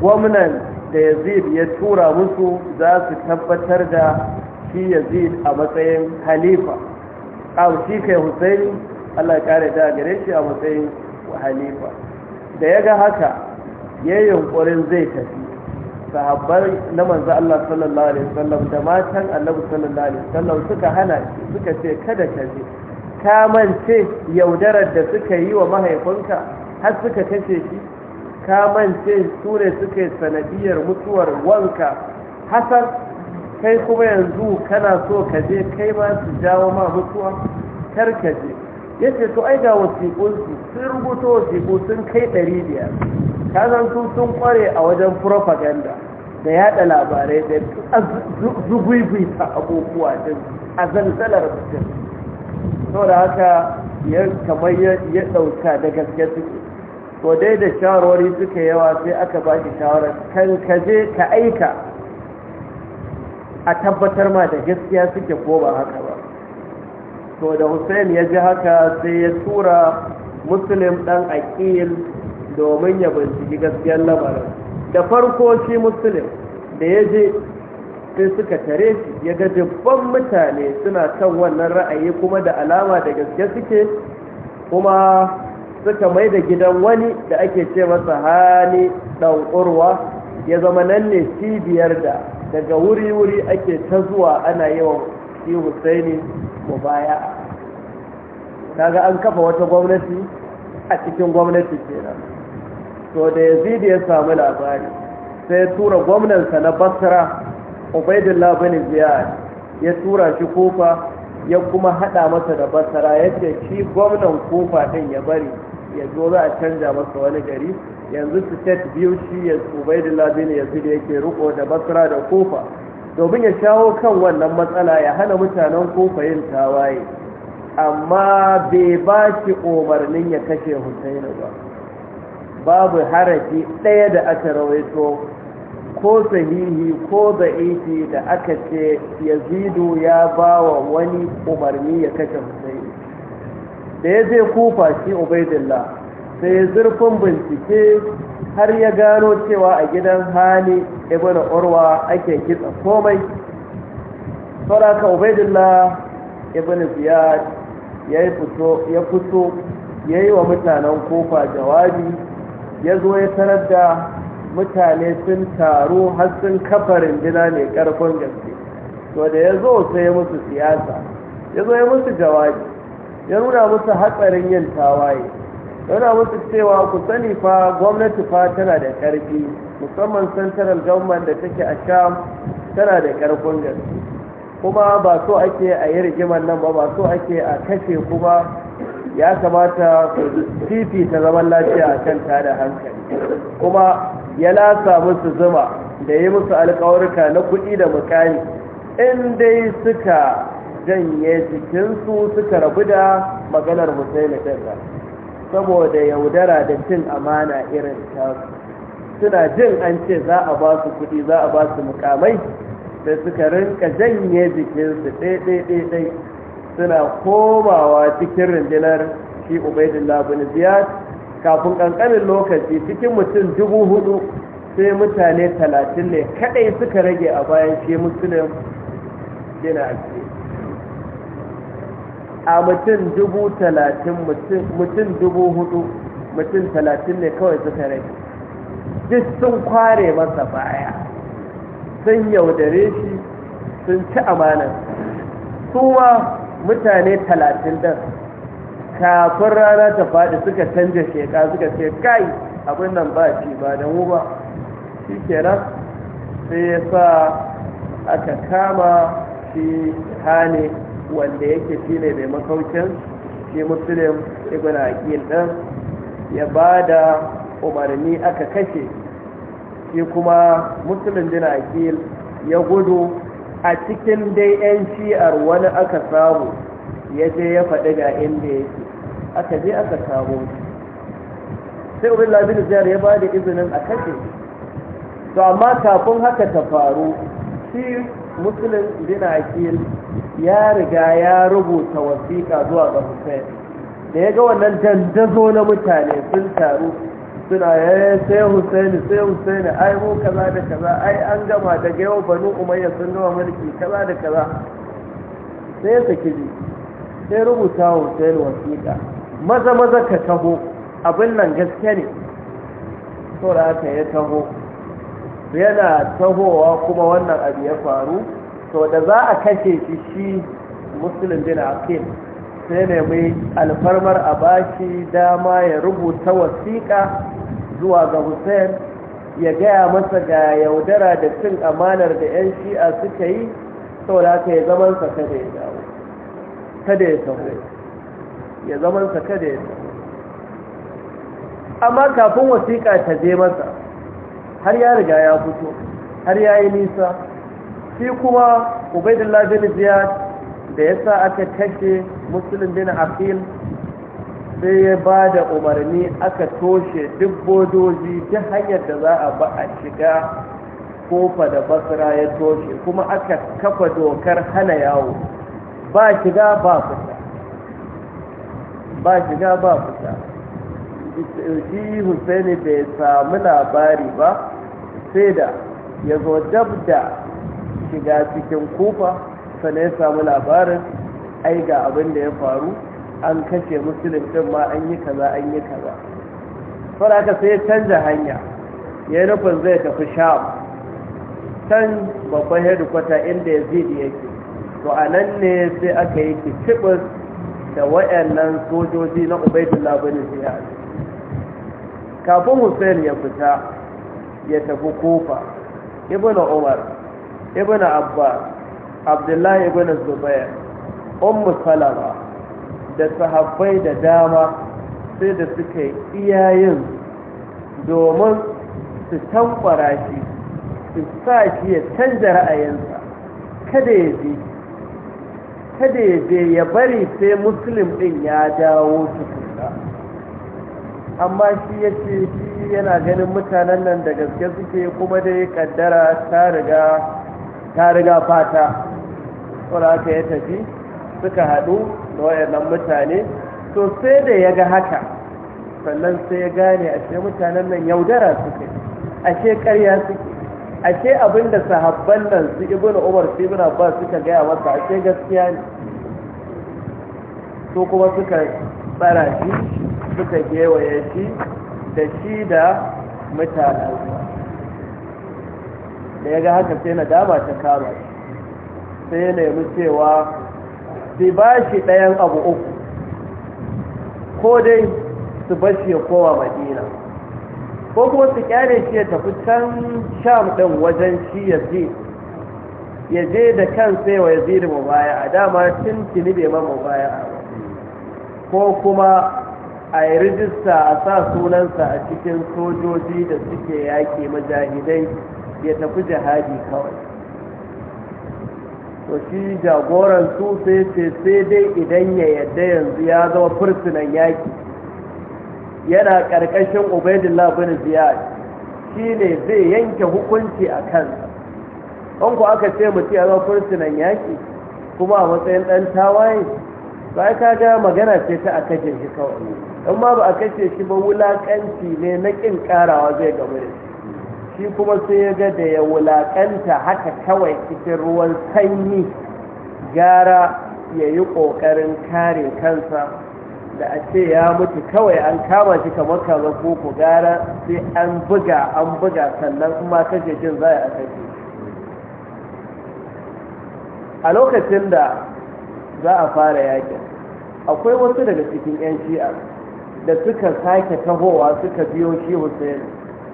gwamnan da yazid ya tura musu za su tabbatar da shi yazid a matsayin halifa a kai husaini allah kare da gare shi a matsayin halifa da ya ga haka ya yi yunkurin zai tafi sahabbar na manzo allah sallallahu alaihi wasallam da matan annabi sallallahu alaihi wasallam suka hana shi suka ce kada ka je ka mance yaudarar da suka yi wa mahaifinka har suka kashe shi ka mance su ne suke sanadiyar mutuwar wanka hasan kai kuma yanzu kana so ka je kai ma su jawo ma mutuwa kar ka je ya ce to ai ga wasiƙunsu sun rubuta wasiƙu sun kai ɗari biyar ka san su sun ƙware a wajen propaganda da yaɗa labarai da ta abubuwa din a zanzalar mutum saboda haka kamar ya ɗauka da gaske suke to dai da shawarwari suka yawa sai aka ba shi shawarar kan ka je ka aika a tabbatar ma da gaskiya suke ko ba haka ba to da hussein ya ji haka sai ya tura muslim ɗan aqil domin ya binciki gaskiyar labarin da farko shi muslim da ya je sai suka tare shi ya ga dubban mutane suna kan wannan ra'ayi kuma da alama da gaske suke kuma suka mai da gidan wani da ake ce masa hali ɗan urwa ya zama nan ne cibiyar da daga wuri-wuri ake ta zuwa ana yawan shi husaini mu baya kaga an kafa wata gwamnati a cikin gwamnati kenan to da yazid ya samu labari sai tura gwamnansa na basra ubaidullah bin ziyad ya tura shi kofa ya kuma hada masa da basara ya ce shi gwamnan kofa ɗin ya bari ya zo za a canja masa wani gari yanzu su set biyu shi ya ubaidullah bin da yake riko da basra da kofa domin ya shawo kan wannan matsala ya hana mutanen kofa yin tawaye amma bai ba shi umarnin ya kashe Hussaini ba babu harafi ɗaya da aka rawaito ko sahihi ko da'ifi da aka ce yazidu ya ba wa wani umarni ya kashe husainu da ya je kufa shi ubaidillah sai ya zurfin bincike har ya gano cewa a gidan hali ibn urwa ake kitsa komai saboda ubaidillah ibn ziyad ya fito ya fito ya yi wa mutanen kofa jawabi ya zo ya tarar da mutane sun taru har sun kafa rindina mai karfin gaske to da ya zo sai ya musu siyasa ya zo ya musu jawabi ya nuna musu hatsarin yin tawaye yana musu cewa ku sani fa gwamnati fa tana da karfi musamman central government da take a sham tana da karfin gaske kuma ba so ake a yi rigimar nan ba ba so ake a kashe kuma ya kamata titi ta zaman lafiya a kan da hankali kuma ya lasa musu zuma da yi musu alkawarka na kuɗi da mukami in dai suka janye jikinsu suka rabu da maganar Hussein ɗin saboda yaudara da cin amana irin tasu suna jin an ce za a ba su kudi za a ba su mukamai da suka rinka janye jikinsu ɗaiɗaiɗaiɗai suna komawa cikin rundunar shi ubaidin labin biyar kafin ƙanƙanin lokaci cikin mutum dubu hudu sai mutane talatin ne kaɗai suka rage a bayan shi musulun yana ake a mutum dubu talatin mutum dubu hudu mutum talatin ne kawai suka rai. duk sun kware masa baya sun yaudare shi sun ci amanar suwa mutane talatin dan kafin rana ta faɗi suka canja sheka suka ce kai abin nan ba shi ba da mu ba shi kenan sai ya sa aka kama shi hane wanda yake ne mai makaucin shi musulun ibn aqil din ya bada umarni aka kashe shi kuma musulun bin aqil ya gudu a cikin dai yan shi'ar wani aka samu ya je ya faɗi ga inda yake aka je aka samu sai ubin labirin ziyar ya ba da izinin a kashe to amma kafin haka ta faru shi muslim bin aqil ya riga ya rubuta wasiƙa zuwa ga Hussein da ya ga wannan dandazo na mutane sun taru suna yaya eh, sai Hussein sai Hussein ai mu kaza da kaza ai an gama daga yau banu umayya sun gama mulki kaza da kaza sai ya saki ji sai rubuta Hussein wasiƙa maza maza ka taho abin nan gaske ne saboda aka ya taho yana tahowa kuma wannan abu ya faru to da za a kashe shi shi muslim bin aqil sai mai alfarmar a bashi dama ya rubuta wasiƙa zuwa ga hussein ya gaya masa ga yaudara da cin amanar da 'yan shi'a suka yi saboda haka ya zamansa kada ya dawo kada ya taho ya sa kada ya taho amma kafin wasiƙa ta je masa har ya riga ya fito har ya yi nisa shi kuma ubaidullah bin ziyad da ya sa aka kashe muslim bin aqil sai ya ba da umarni aka toshe duk bodoji ta hanyar da za a ba a shiga kofa da basra ya toshe kuma aka kafa dokar hana yawo ba shiga ba fita ba shiga ba fita shi husaini bai samu labari ba sai da ya zo dab da shiga cikin kufa sannan ya samu labarin ai ga abin da ya faru an kashe musulun din ma an yi kaza an yi kaza saboda sai ya canza hanya ya nufin zai tafi sham can babban hedikwata inda ya zidi yake to a nan ne sai aka yi kicibis da wayannan sojoji na ubaidullah bin ziyad kafin hussein ya fita ya tafi kofa ibn umar ibn abba abdullahi ibn zubair ummu salama da sahabbai da dama sai da suka yi iyayen domin su tankwara shi su sa shi ya canza ra'ayinsa kada ya je kada ya je ya bari sai muslim din ya dawo tukunna amma shi ya ce shi yana ganin mutanen nan da gaske suke kuma dai kaddara ta riga fata wadda aka ya tafi suka haɗu da wayannan mutane to sai da ya ga haka sannan sai ya gane ashe mutanen nan yaudara suke ashe ƙarya suke ashe abinda sahabban nan su ibn umar su ibn abbas suka gaya masa ashe gaskiya ne to kuma suka tsara shi suka gewaye shi da shi da mutanensa da ya ga haka sai na dama ta kama sai ya nemi cewa su ba shi ɗayan abu uku ko dai su bashi ya kowa madina ko kuma su kyale shi ya tafi can sham ɗin wajen shi ya je ya je da kan sai wa ya ziri mu baya a dama tun tuni bai ma mu baya ko kuma a yi rijista a sa sunansa a cikin sojoji da suke yaƙi majahidai ya tafi jihadi kawai to shi jagoran su sai ce sai dai idan ya yadda yanzu ya zama fursunan yaƙi yana ƙarƙashin ubaidullah bin ziyad shi ne zai yanke hukunci a kansa an ku aka ce mutu ya zama fursunan yaƙi kuma a matsayin ɗan tawaye ba ka ga magana ce ta a shi kawai in ma ba a kashe shi ba wulakanci ne na ƙin ƙarawa zai gamu da shi shi kuma sai ya ga da ya wulakanta haka kawai cikin ruwan sanyi gara ya yi ƙoƙarin kare kansa da a ce ya mutu kawai an kama shi kamar kaza koko gara sai an buga an buga sannan in ma kashe jin za a kashe a lokacin da za a fara yakin akwai wasu daga cikin 'yan shi'a da suka sake tahowa suka biyo shi Hussein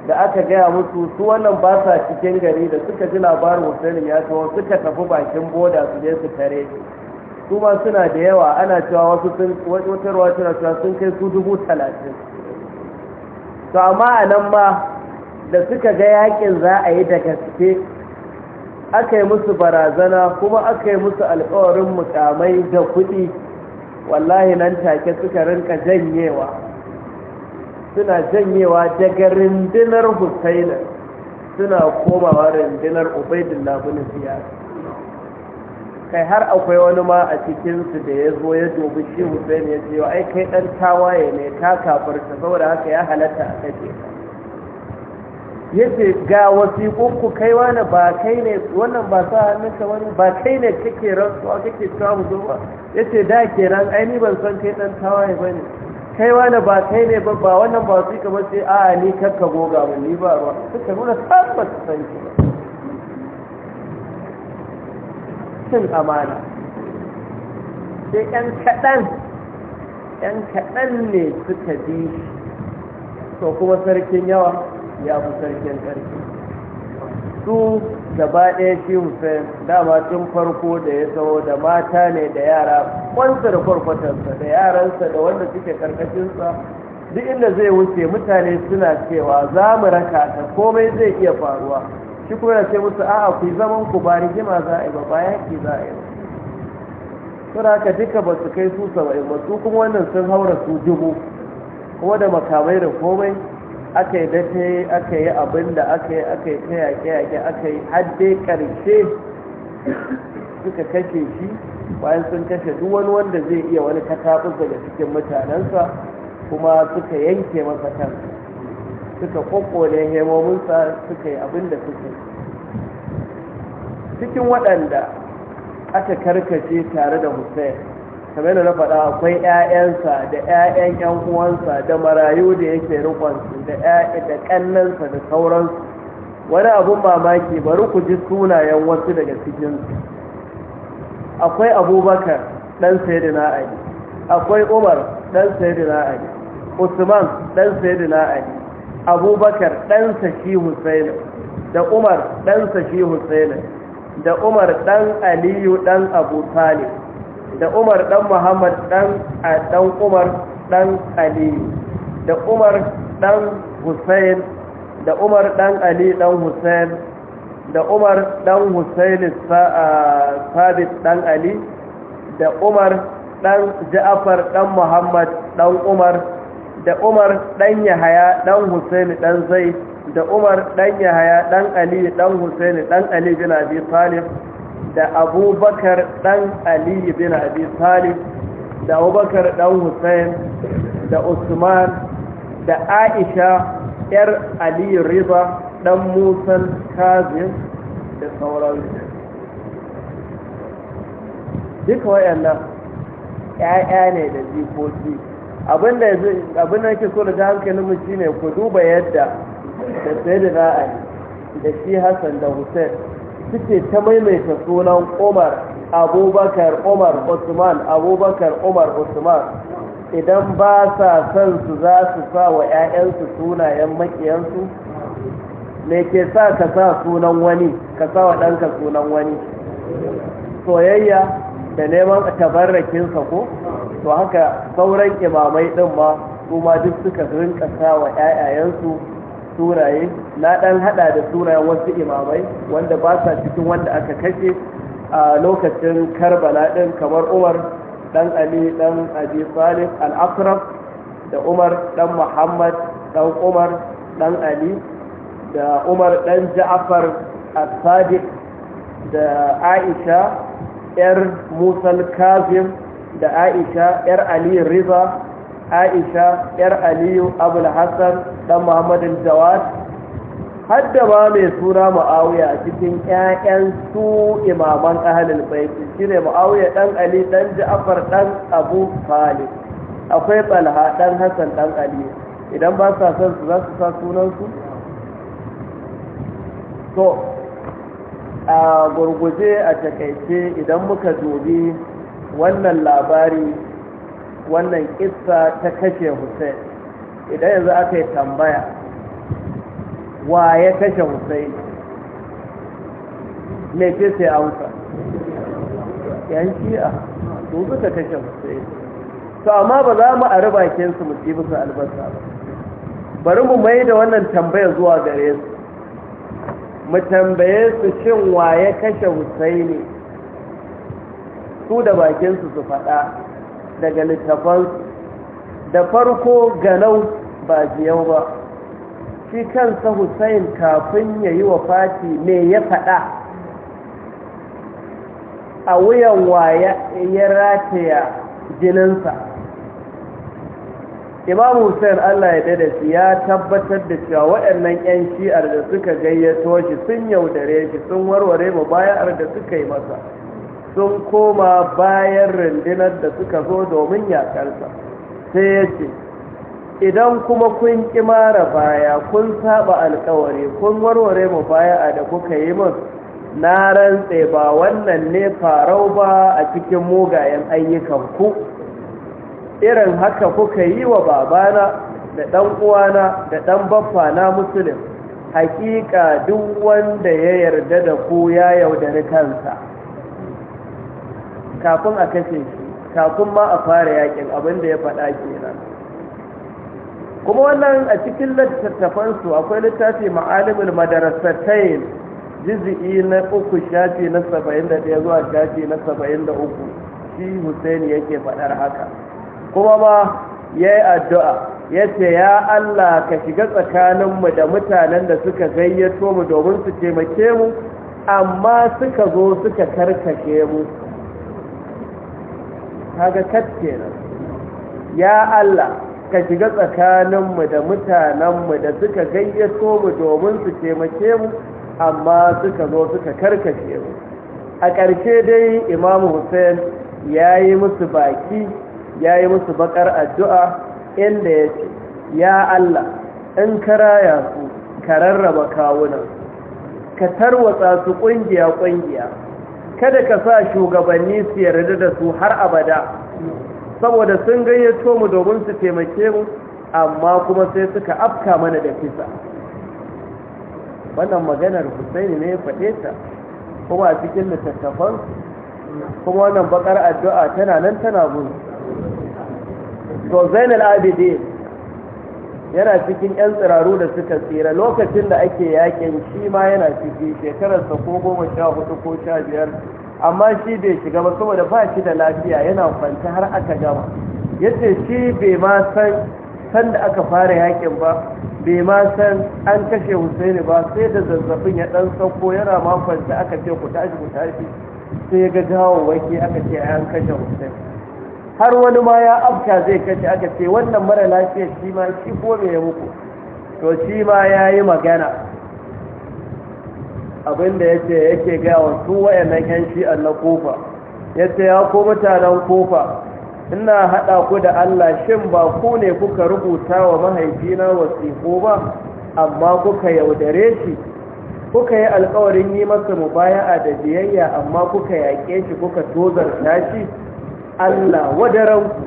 da aka gaya musu su wannan ba sa cikin gari da suka ji labarin Hussein ya taho suka tafi bakin boda su je su tare su ma suna da yawa ana cewa wasu sun tana cewa sun kai su dubu talatin to amma a nan ma da suka ga yakin za a yi da gaske aka yi musu barazana kuma aka yi musu alkawarin mukamai da kuɗi wallahi nan take suka rinka janyewa suna janyewa daga rindinar husaina suna komawa rindinar ubaidullah bin ziyar kai har akwai wani ma a cikinsu da ya zo ya dubi shi husaini ya ce ai kai dan tawaye ne ka kafarta saboda haka ya halatta a kace ya ce ga wasiƙunku kai wani ba kai ne wannan ba sa hannunka wani ba kai ne kake rantsuwa kake samu zuwa? yace ya ce da kenan ai ni ban san kai dan tawaye ba ne kai wani ba kai ne ba wannan ba su kamar sai a ni karka goga ba, ni ba ruwa suka nuna tabbas san shi ba cin amana sai ƴan kaɗan ƴan kaɗan ne suka bi to kuma sarkin yawa ya fi sarkin ƙarfi su gaba ɗaya fim da dama tun farko da ya tsawo da mata ne da yara kwansa da kwarkwatansa, da yaransa da wanda suke karkashinsa duk inda zai wuce mutane suna cewa za mu raka ta komai zai iya faruwa shi kuma ce musu a'a ku zaman ku ba rigima za a yi ba ba za a yi ba suna haka duka ba su kai su saba'in ba su kuma wannan sun haura su dubu kuma da makamai da komai aka yi dace aka yi abin da aka yi aka yi ta yaƙe-yaƙe aka yi hadde ƙarshe suka kashe shi bayan sun kashe duk wani wanda zai iya wani kataɓus da cikin mutanensa kuma suka yanke masa kan suka kwakwale hemominsa suka yi abin da suke cikin waɗanda aka karkace tare da hussein kamar yadda na faɗa akwai 'ya'yansa da 'ya'yan ƴan uwansa da marayu da yake rikonsu da ƴaƴa da ƙannansa da sauransu wani abun mamaki bari ku ji sunayen wasu daga cikinsu akwai abubakar ɗan da ali akwai umar ɗan da ali usman ɗan da ali abubakar ɗansa shi husaini da umar ɗansa shi husaini da umar ɗan aliyu ɗan abu talib da umar dan muhammad dan dan umar dan ali da umar dan hussein da umar dan ali dan hussein da umar dan hussein sabit dan ali da umar dan ja'afar dan muhammad dan umar da umar dan yahaya dan hussein dan zai da umar dan yahaya dan ali dan hussein dan ali bin abi talib da abubakar ɗan ali bin abi talib da abubakar ɗan hussein da usman da aisha yar ali riba ɗan musan kazim da sauran duka wayannan ƴaƴa ne da jikoki abinda abinda yake so da hankalin mu shine ku duba yadda da sayyidina ali da shi hassan da hussein suke ta maimaita sunan umar abubakar umar usman abubakar umar usman idan ba sa son su za su sa wa 'ya'yansu sunayen makiyansu me ke sa ka sa sunan wani ka sa wa ɗanka sunan wani soyayya da neman tabarrakinsa ko to haka sauran imamai ɗin ma su duk suka rinka sa wa 'ya'yansu? suraye na dan hada da sunayen wasu imamai wanda ba sa cikin wanda aka kashe a lokacin karbala din kamar umar dan ali dan abi salih al-asraf da umar dan muhammad dan umar dan ali da umar dan ja'far as-sadiq da aisha yar musal kazim da aisha yar ali riza aisha yar aliyu abul hassan dan muhammadin jawad hadda ma mai suna ma'awiya cikin 'ya'yan su imaman ahalin baiti shine ma'awiya dan ali dan ja'far dan abu talib akwai talha ɗan hassan ɗan ali idan ba sa son su za su sa sunan su to a gurguje a takaice idan muka dubi wannan labari wannan kissa ta kashe Hussein idan yanzu aka yi tambaya wa ya kashe Hussein me ce sai amsa yan shi'a su suka kashe Hussein to amma ba za mu ari kin su mu tsibi su albasa ba bari mu mai da wannan tambaya zuwa gare su mu tambaye su shin wa ya kashe Husaini su da bakin su su faɗa daga littafan da farko ganau ba jiyau ba shi kansa hussein kafin ya yi wa fati me ya faɗa a wuyan waya ya rataya jininsa imam hussein allah ya dada shi ya tabbatar da cewa waɗannan 'yan shi'ar da suka gayyato shi sun yaudare shi sun warware mu bayan da suka yi masa sun koma bayan rundunar da suka zo domin yaƙarsa sai ya ce idan kuma kun ƙi mara baya kun saba alkawari kun warware mu baya da kuka yi mun na rantse ba wannan ne farau ba a cikin mugayen ku. irin haka kuka yi wa babana da ɗan uwana da ɗan baffa na musulun hakika duk wanda ya yarda da ku ya yaudari kansa kafin a kashe shi kafin ma a fara yakin abin da ya faɗa kenan kuma wannan a cikin littattafansu akwai littafi ma'alimul madarasatain jizi'i na uku shafi na saba'in da ɗaya zuwa shafi na saba'in da uku shi Hussein yake faɗar haka kuma ma ya yi addu'a ya ce ya Allah ka shiga tsakaninmu da mutanen da suka gayyato mu domin su taimake mu amma suka zo suka karkashe mu kaga kenan ya Allah ka shiga tsakaninmu da mutanenmu da suka gayyato mu domin su taimake mu amma suka zo suka karkace mu a ƙarshe dai Imam hussein ya yi musu baki ya yi musu bakar addu'a inda ya ce ya Allah in karaya su ka rarraba kawunan ka tarwatsa su ƙungiya-ƙungiya kada ka sa shugabanni su yarda da su har abada saboda sun gayyato mu domin su taimake mu amma kuma sai suka afka mana da kisa wannan maganar Husaini ne ya faɗe ta kuma a cikin littattafan kuma wannan bakar addu'a tana nan tana gudu to Zainal Abidin yana cikin 'yan tsiraru da suka tsira lokacin da ake yakin shi ma yana ciki shekararsa ko goma sha hudu ko sha biyar amma shi bai shiga ba saboda ba shi da lafiya yana kwanta har aka gama yace shi bai ma san san da aka fara yakin ba bai ma san an kashe Husaini ba sai da zazzabin ya dan sauko yana ma da aka ce ku tashi ku tashi sai ya ga gawo wake aka ce an kashe Husaini har wani ma ya afka zai kace aka ce wannan mara lafiya shi ma shi ko me ya muku to shi ma ya yi magana abinda ya ce yake gaya wa su wayannan yan shi na kofa ya ce ya ko mutanen kofa ina haɗa ku da Allah shin ba ku ne kuka rubuta wa mahaifina wasiƙo ba amma kuka yaudare shi kuka yi alkawarin yi masa mubaya'a da biyayya amma kuka yaƙe shi kuka tozarta shi Allah wadaranku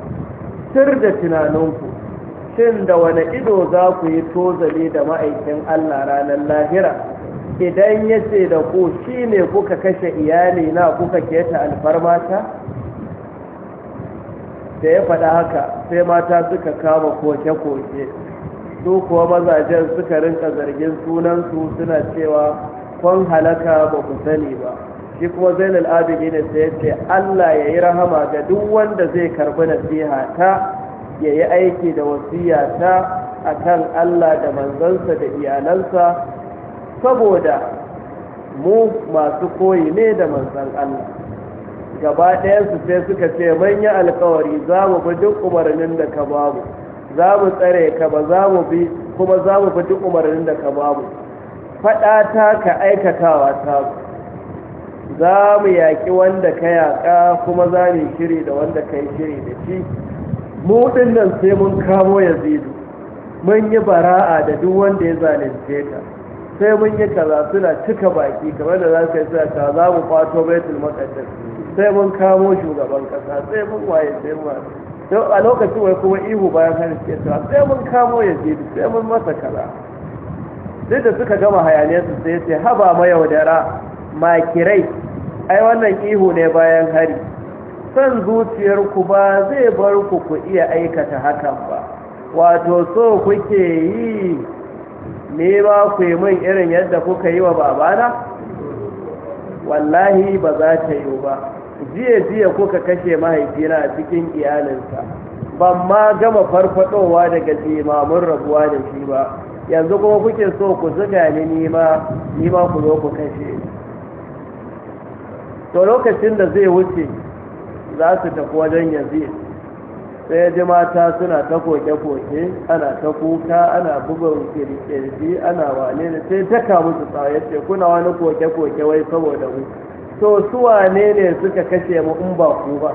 sir da tunaninku shin da wani ido za ku yi tozale da ma'aikin Allah ranar lahira idan ya ce da ku shi ne kuka kashe iyali na kuka keta alfarmata da ya faɗa haka sai mata suka kama koke-koke su kuwa mazajen suka rinka zargin sunansu suna cewa kwan halaka ba ku sani ba shi kuma zainal abidi ne sai ce Allah ya yi rahama ga duk wanda zai karɓi nasiha ta ya yi aiki da wasiya ta a kan Allah da manzansa da iyalansa saboda mu masu koyi ne da manzan Allah gaba ɗayansu sai suka ce manya alkawari za mu bi duk umarnin da ka babu za mu tsare ka ba za mu bi kuma za mu bi duk umarnin da ka babu faɗa ta ka aikatawa ta za mu yaƙi wanda ka yaƙa kuma za mu shiri da wanda ka yi shiri da shi mu nan sai mun kamo ya zidu. mun yi bara'a da duk wanda ya zalince ka sai mun yi kaza suna cika baki kamar da za ka yi suna ta za mu kwato baitul maqdis sai mun kamo shugaban kasa sai mun waye sai mun waye a lokacin wai kuma ihu bayan hannun ke sai mun kamo ya zidu sai mun masa kaza duk da suka gama hayaniyarsu sai sai haba mayaudara makirai ai wannan ihu ne bayan hari san zuciyarku ba zai bar ku ku iya aikata hakan ba wato so kuke yi ne ba ku yi min irin yadda kuka yi wa babana wallahi ba za ta yi ba jiya jiya kuka kashe mahaifina a cikin iyalinsa ban ma gama farfadowa daga limamin rabuwa da shi ba yanzu kuma kuke so ku zuga ni ni nima ku zo ku kashe to lokacin da zai wuce za su tafi wajen yazid sai ya ji mata suna ta koke-koke ana ta kuka ana buga kirkirji ana wane ne sai ta kamu su tsaye ce kuna wani koke-koke wai saboda mu to su wane ne suka kashe mu in ba ku ba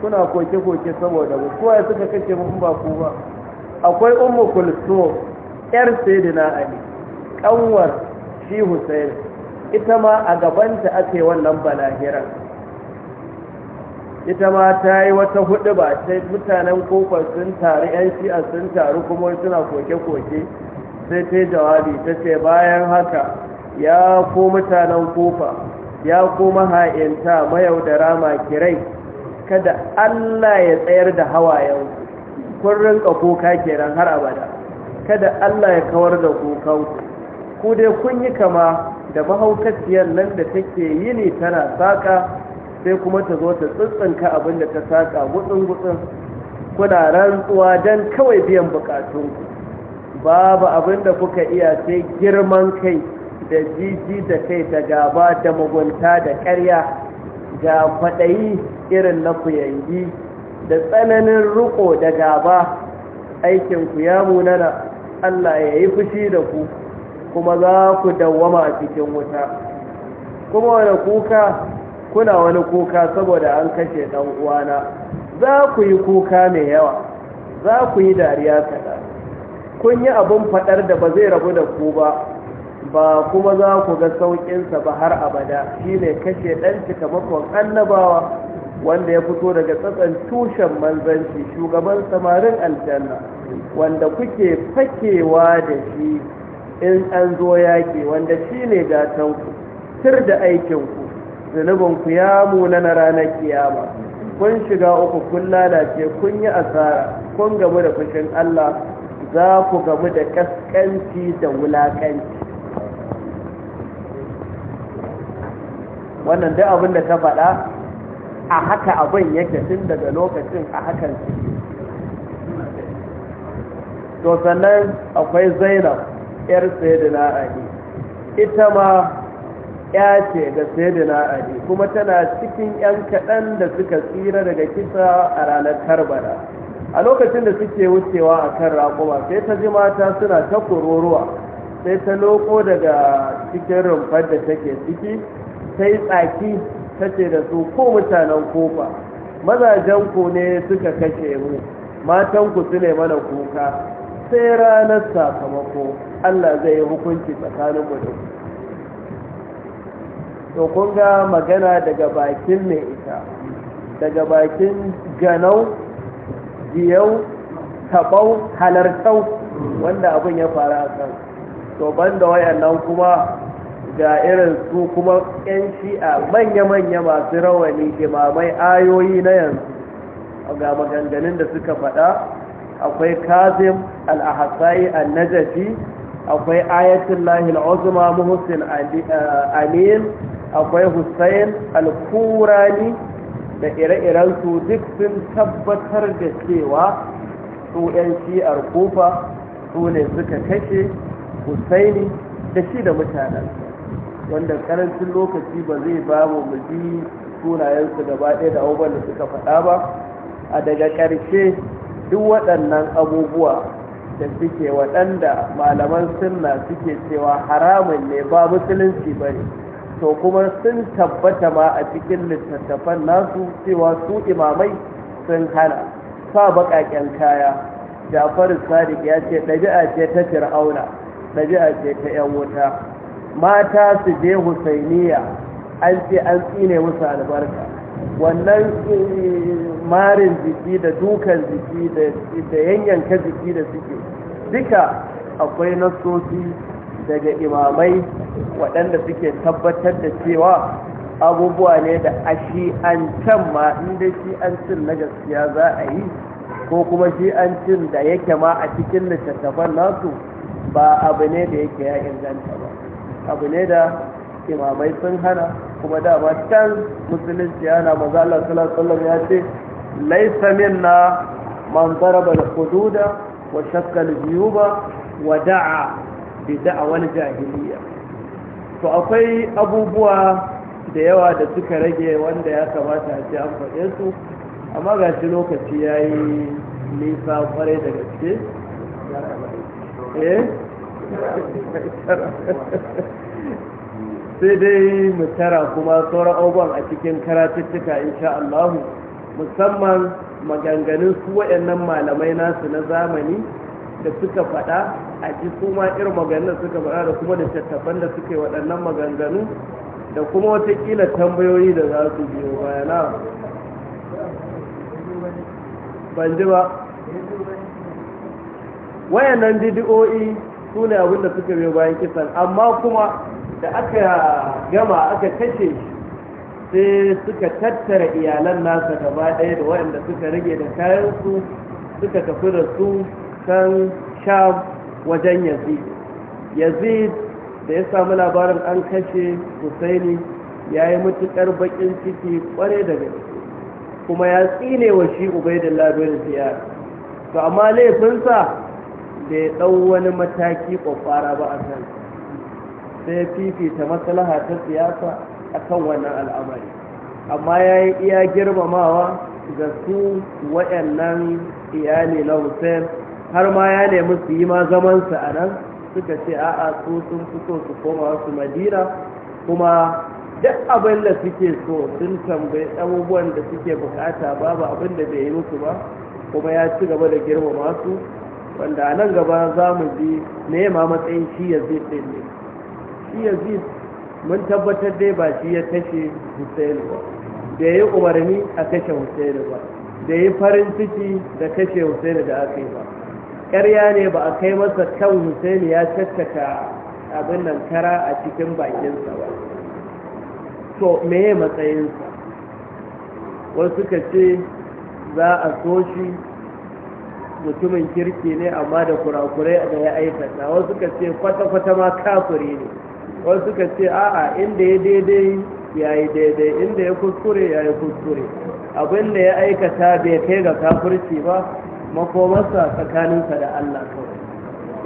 kuna koke-koke saboda mu su wane suka kashe mu in ba ku ba akwai ummu kulsum yar sayyidina ali kanwar shi husaini ita ma a gabanta ake wannan balahiran ita ma ta yi wata hudu ba sai mutanen kofar sun taru yan shi'a sun taru kuma suna koke-koke sai ta jawabi ta ce bayan haka ya ko mutanen kofa ya ko maha'inta mayaudara makirai kada allah ya tsayar da hawayen kun rinka koka kenan har abada kada allah ya kawar da kokanku ku dai kun yi kama da mahaukaciyar nan da take yi ne tana saƙa sai kuma ta zo ta tsuntsunka abin da ta saƙa gutsun-gutsun kuna rantsuwa don kawai biyan bukatun babu abin da kuka iya sai girman kai da jiji da kai da gaba da mugunta da ƙarya ga faɗayi irin na kuyangi da tsananin riko da gaba aikinku ya munana Allah ya yi fushi da ku kuma za ku dawwama a cikin wuta kuma wani kuka kuna wani kuka saboda an kashe ɗan uwana za ku yi kuka mai yawa za ku yi dariya kaɗan kun yi abun faɗar da ba zai rabu da ku ba ba kuma za ku ga sauƙinsa ba har abada shi ne kashe ɗan cikamakon annabawa wanda ya fito daga tsatsan tushen manzanci shugaban samarin aljanna wanda kuke fakewa da shi in an zo yaƙi wanda shi ne gatanku sir da aikinku zunubinku ya muna na ranar kiyama kun shiga uku kun lalace kun yi asara kun gamu da fushin Allah za ku gamu da kaskanci da wulakanci wannan duk abin da ta faɗa a haka abin yake tun daga lokacin a hakan su. to sannan akwai zainab yar sayyidina ali ita ma ya ce ga sayyidina ali kuma tana cikin yan kaɗan da suka tsira daga kisa a ranar karbala a lokacin da suke wucewa a kan raƙuma sai ta ji mata suna ta kururuwa sai ta loko daga cikin rumfar da take ciki sai tsaki ta ce da su ko mutanen kofa mazajen ku ne suka kashe mu matan ku su ne mana kuka sai ranar sakamako Allah zai yi hukunci tsakanin mutum to kun ga magana daga bakin mai ita daga bakin ganau jiyau tabau halartau wanda abin ya faru a kan to banda wayannan kuma ga irin su kuma 'yan shi'a manya-manya masu rawani imamai ayoyi na yanzu ga maganganun da suka faɗa akwai kazim al-ahsai najafi akwai ayatul lahi al-uzma eh, amin akwai Hussein al-kurani da ire-iren su duk sun tabbatar da cewa su yan shi'ar kufa su ne suka kashe husaini da shi da mutanen wanda karancin lokaci ba zai ba mu ji sunayensu gaba ɗaya da abubuwan da suka faɗa ba a daga ƙarshe duk waɗannan abubuwa da suke waɗanda malaman sunna suke cewa haramun ne ba musulunci ba ne to kuma sun tabbata ma a cikin littattafan nasu cewa su imamai sun hana sa baƙaƙen kaya Jafaru sadiq ya ce ɗabi'a ce ta fir'auna ɗabi'a ce ta 'yan wuta mata su je husainiya an ce an tsine musu albarka wannan eh, marin jiki da dukan jiki da yanyanka jiki da suke duka akwai nasosi daga imamai waɗanda suke tabbatar da cewa abubuwa ne da a can ma inda shi cin na gaskiya za a yi ko kuma shi an cin da yake ma a cikin littattafan nasu ba abu ne da yake ya inganta ba abu ne da imamai sun hana kuma dama can musulunci yana maza Allah sallallahu ya ce laisa minna man daraba da hududa wa shakka al-juyuba wa da'a bi wani jahiliya to akwai abubuwa da yawa da suka rage wanda ya kamata a ce an faɗe su amma ga shi lokaci ya yi nisa kwarai da gaske eh sai dai mu tara kuma sauran abubuwan a cikin karatuttuka insha Allah musamman maganganun su waɗannan malamai nasu na zamani da suka faɗa a ji kuma irin maganganun suka faɗa da kuma littattafan da suka yi waɗannan maganganu da kuma watakila tambayoyi da za su biyo bayana ban ji ba wayannan didi'o'i su ne abinda suka biyo bayan kisan amma kuma da aka gama aka kashe sai suka tattara iyalan nasa gaba ɗaya da waɗanda suka rage da kayansu suka tafi da su kan sham wajen yazid yazid da ya samu labarin an kashe husaini ya yi matuƙar baƙin ciki ƙware da gaske kuma ya tsine wa shi ubaidin da ziyar to amma laifinsa bai ya ɗau wani mataki ƙwaƙwara ba a kansa sai fifita maslaha ta siyasa a kan wannan al'amari amma ya yi iya girmamawa ga su waɗannan iyali na hussein har ma ya nemi su yi ma zamansa a nan suka ce a'a su sun fito su koma su madina kuma duk abin da suke so sun tambayi abubuwan da suke bukata babu abin da bai yi musu ba kuma ya ci gaba da girmama su wanda a nan gaba za mu ji ma matsayin shi ya zai ne shi yazid mun tabbatar dai ba shi ya kashe husaini ba da ya umarni a kashe husaini ba da ya farin ciki da kashe husaini da aka yi ba ƙarya ne ba a kai masa kan husaini ya caccaka abin nan kara a cikin bakinsa ba to meye matsayinsa wasu suka ce za a so shi mutumin kirki ne amma da kurakurai da ya aikata wasu ka ce kwata-kwata ma kafuri ne wasu suka ce a'a inda ya daidai ya yi daidai inda ya kuskure ya yi kuskure abinda ya aikata bai kai ga kafirci ba makomarsa tsakaninsa da Allah kawai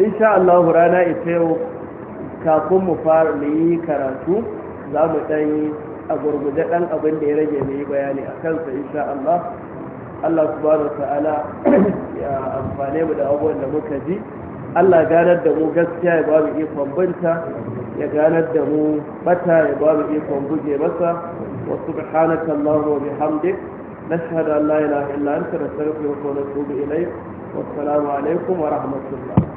insha Allah rana ita yau kafin mu fara mu yi karatu za mu ɗan a gurguje ɗan abin da ya rage mu yi bayani a kansa insha Allah Allah ba da ta'ala [CLEARS THROAT] ya amfane mu da abubuwan da muka ji Allah ganar da mu gaskiya ya ba mu ikon binta ya ganar da mu bata ya ba mu ikon guje masa wa subhanaka allahumma wa bihamdik nashhadu an la ilaha illa anta nastaghfiruka wa natubu ilayk wassalamu alaikum wa rahmatullah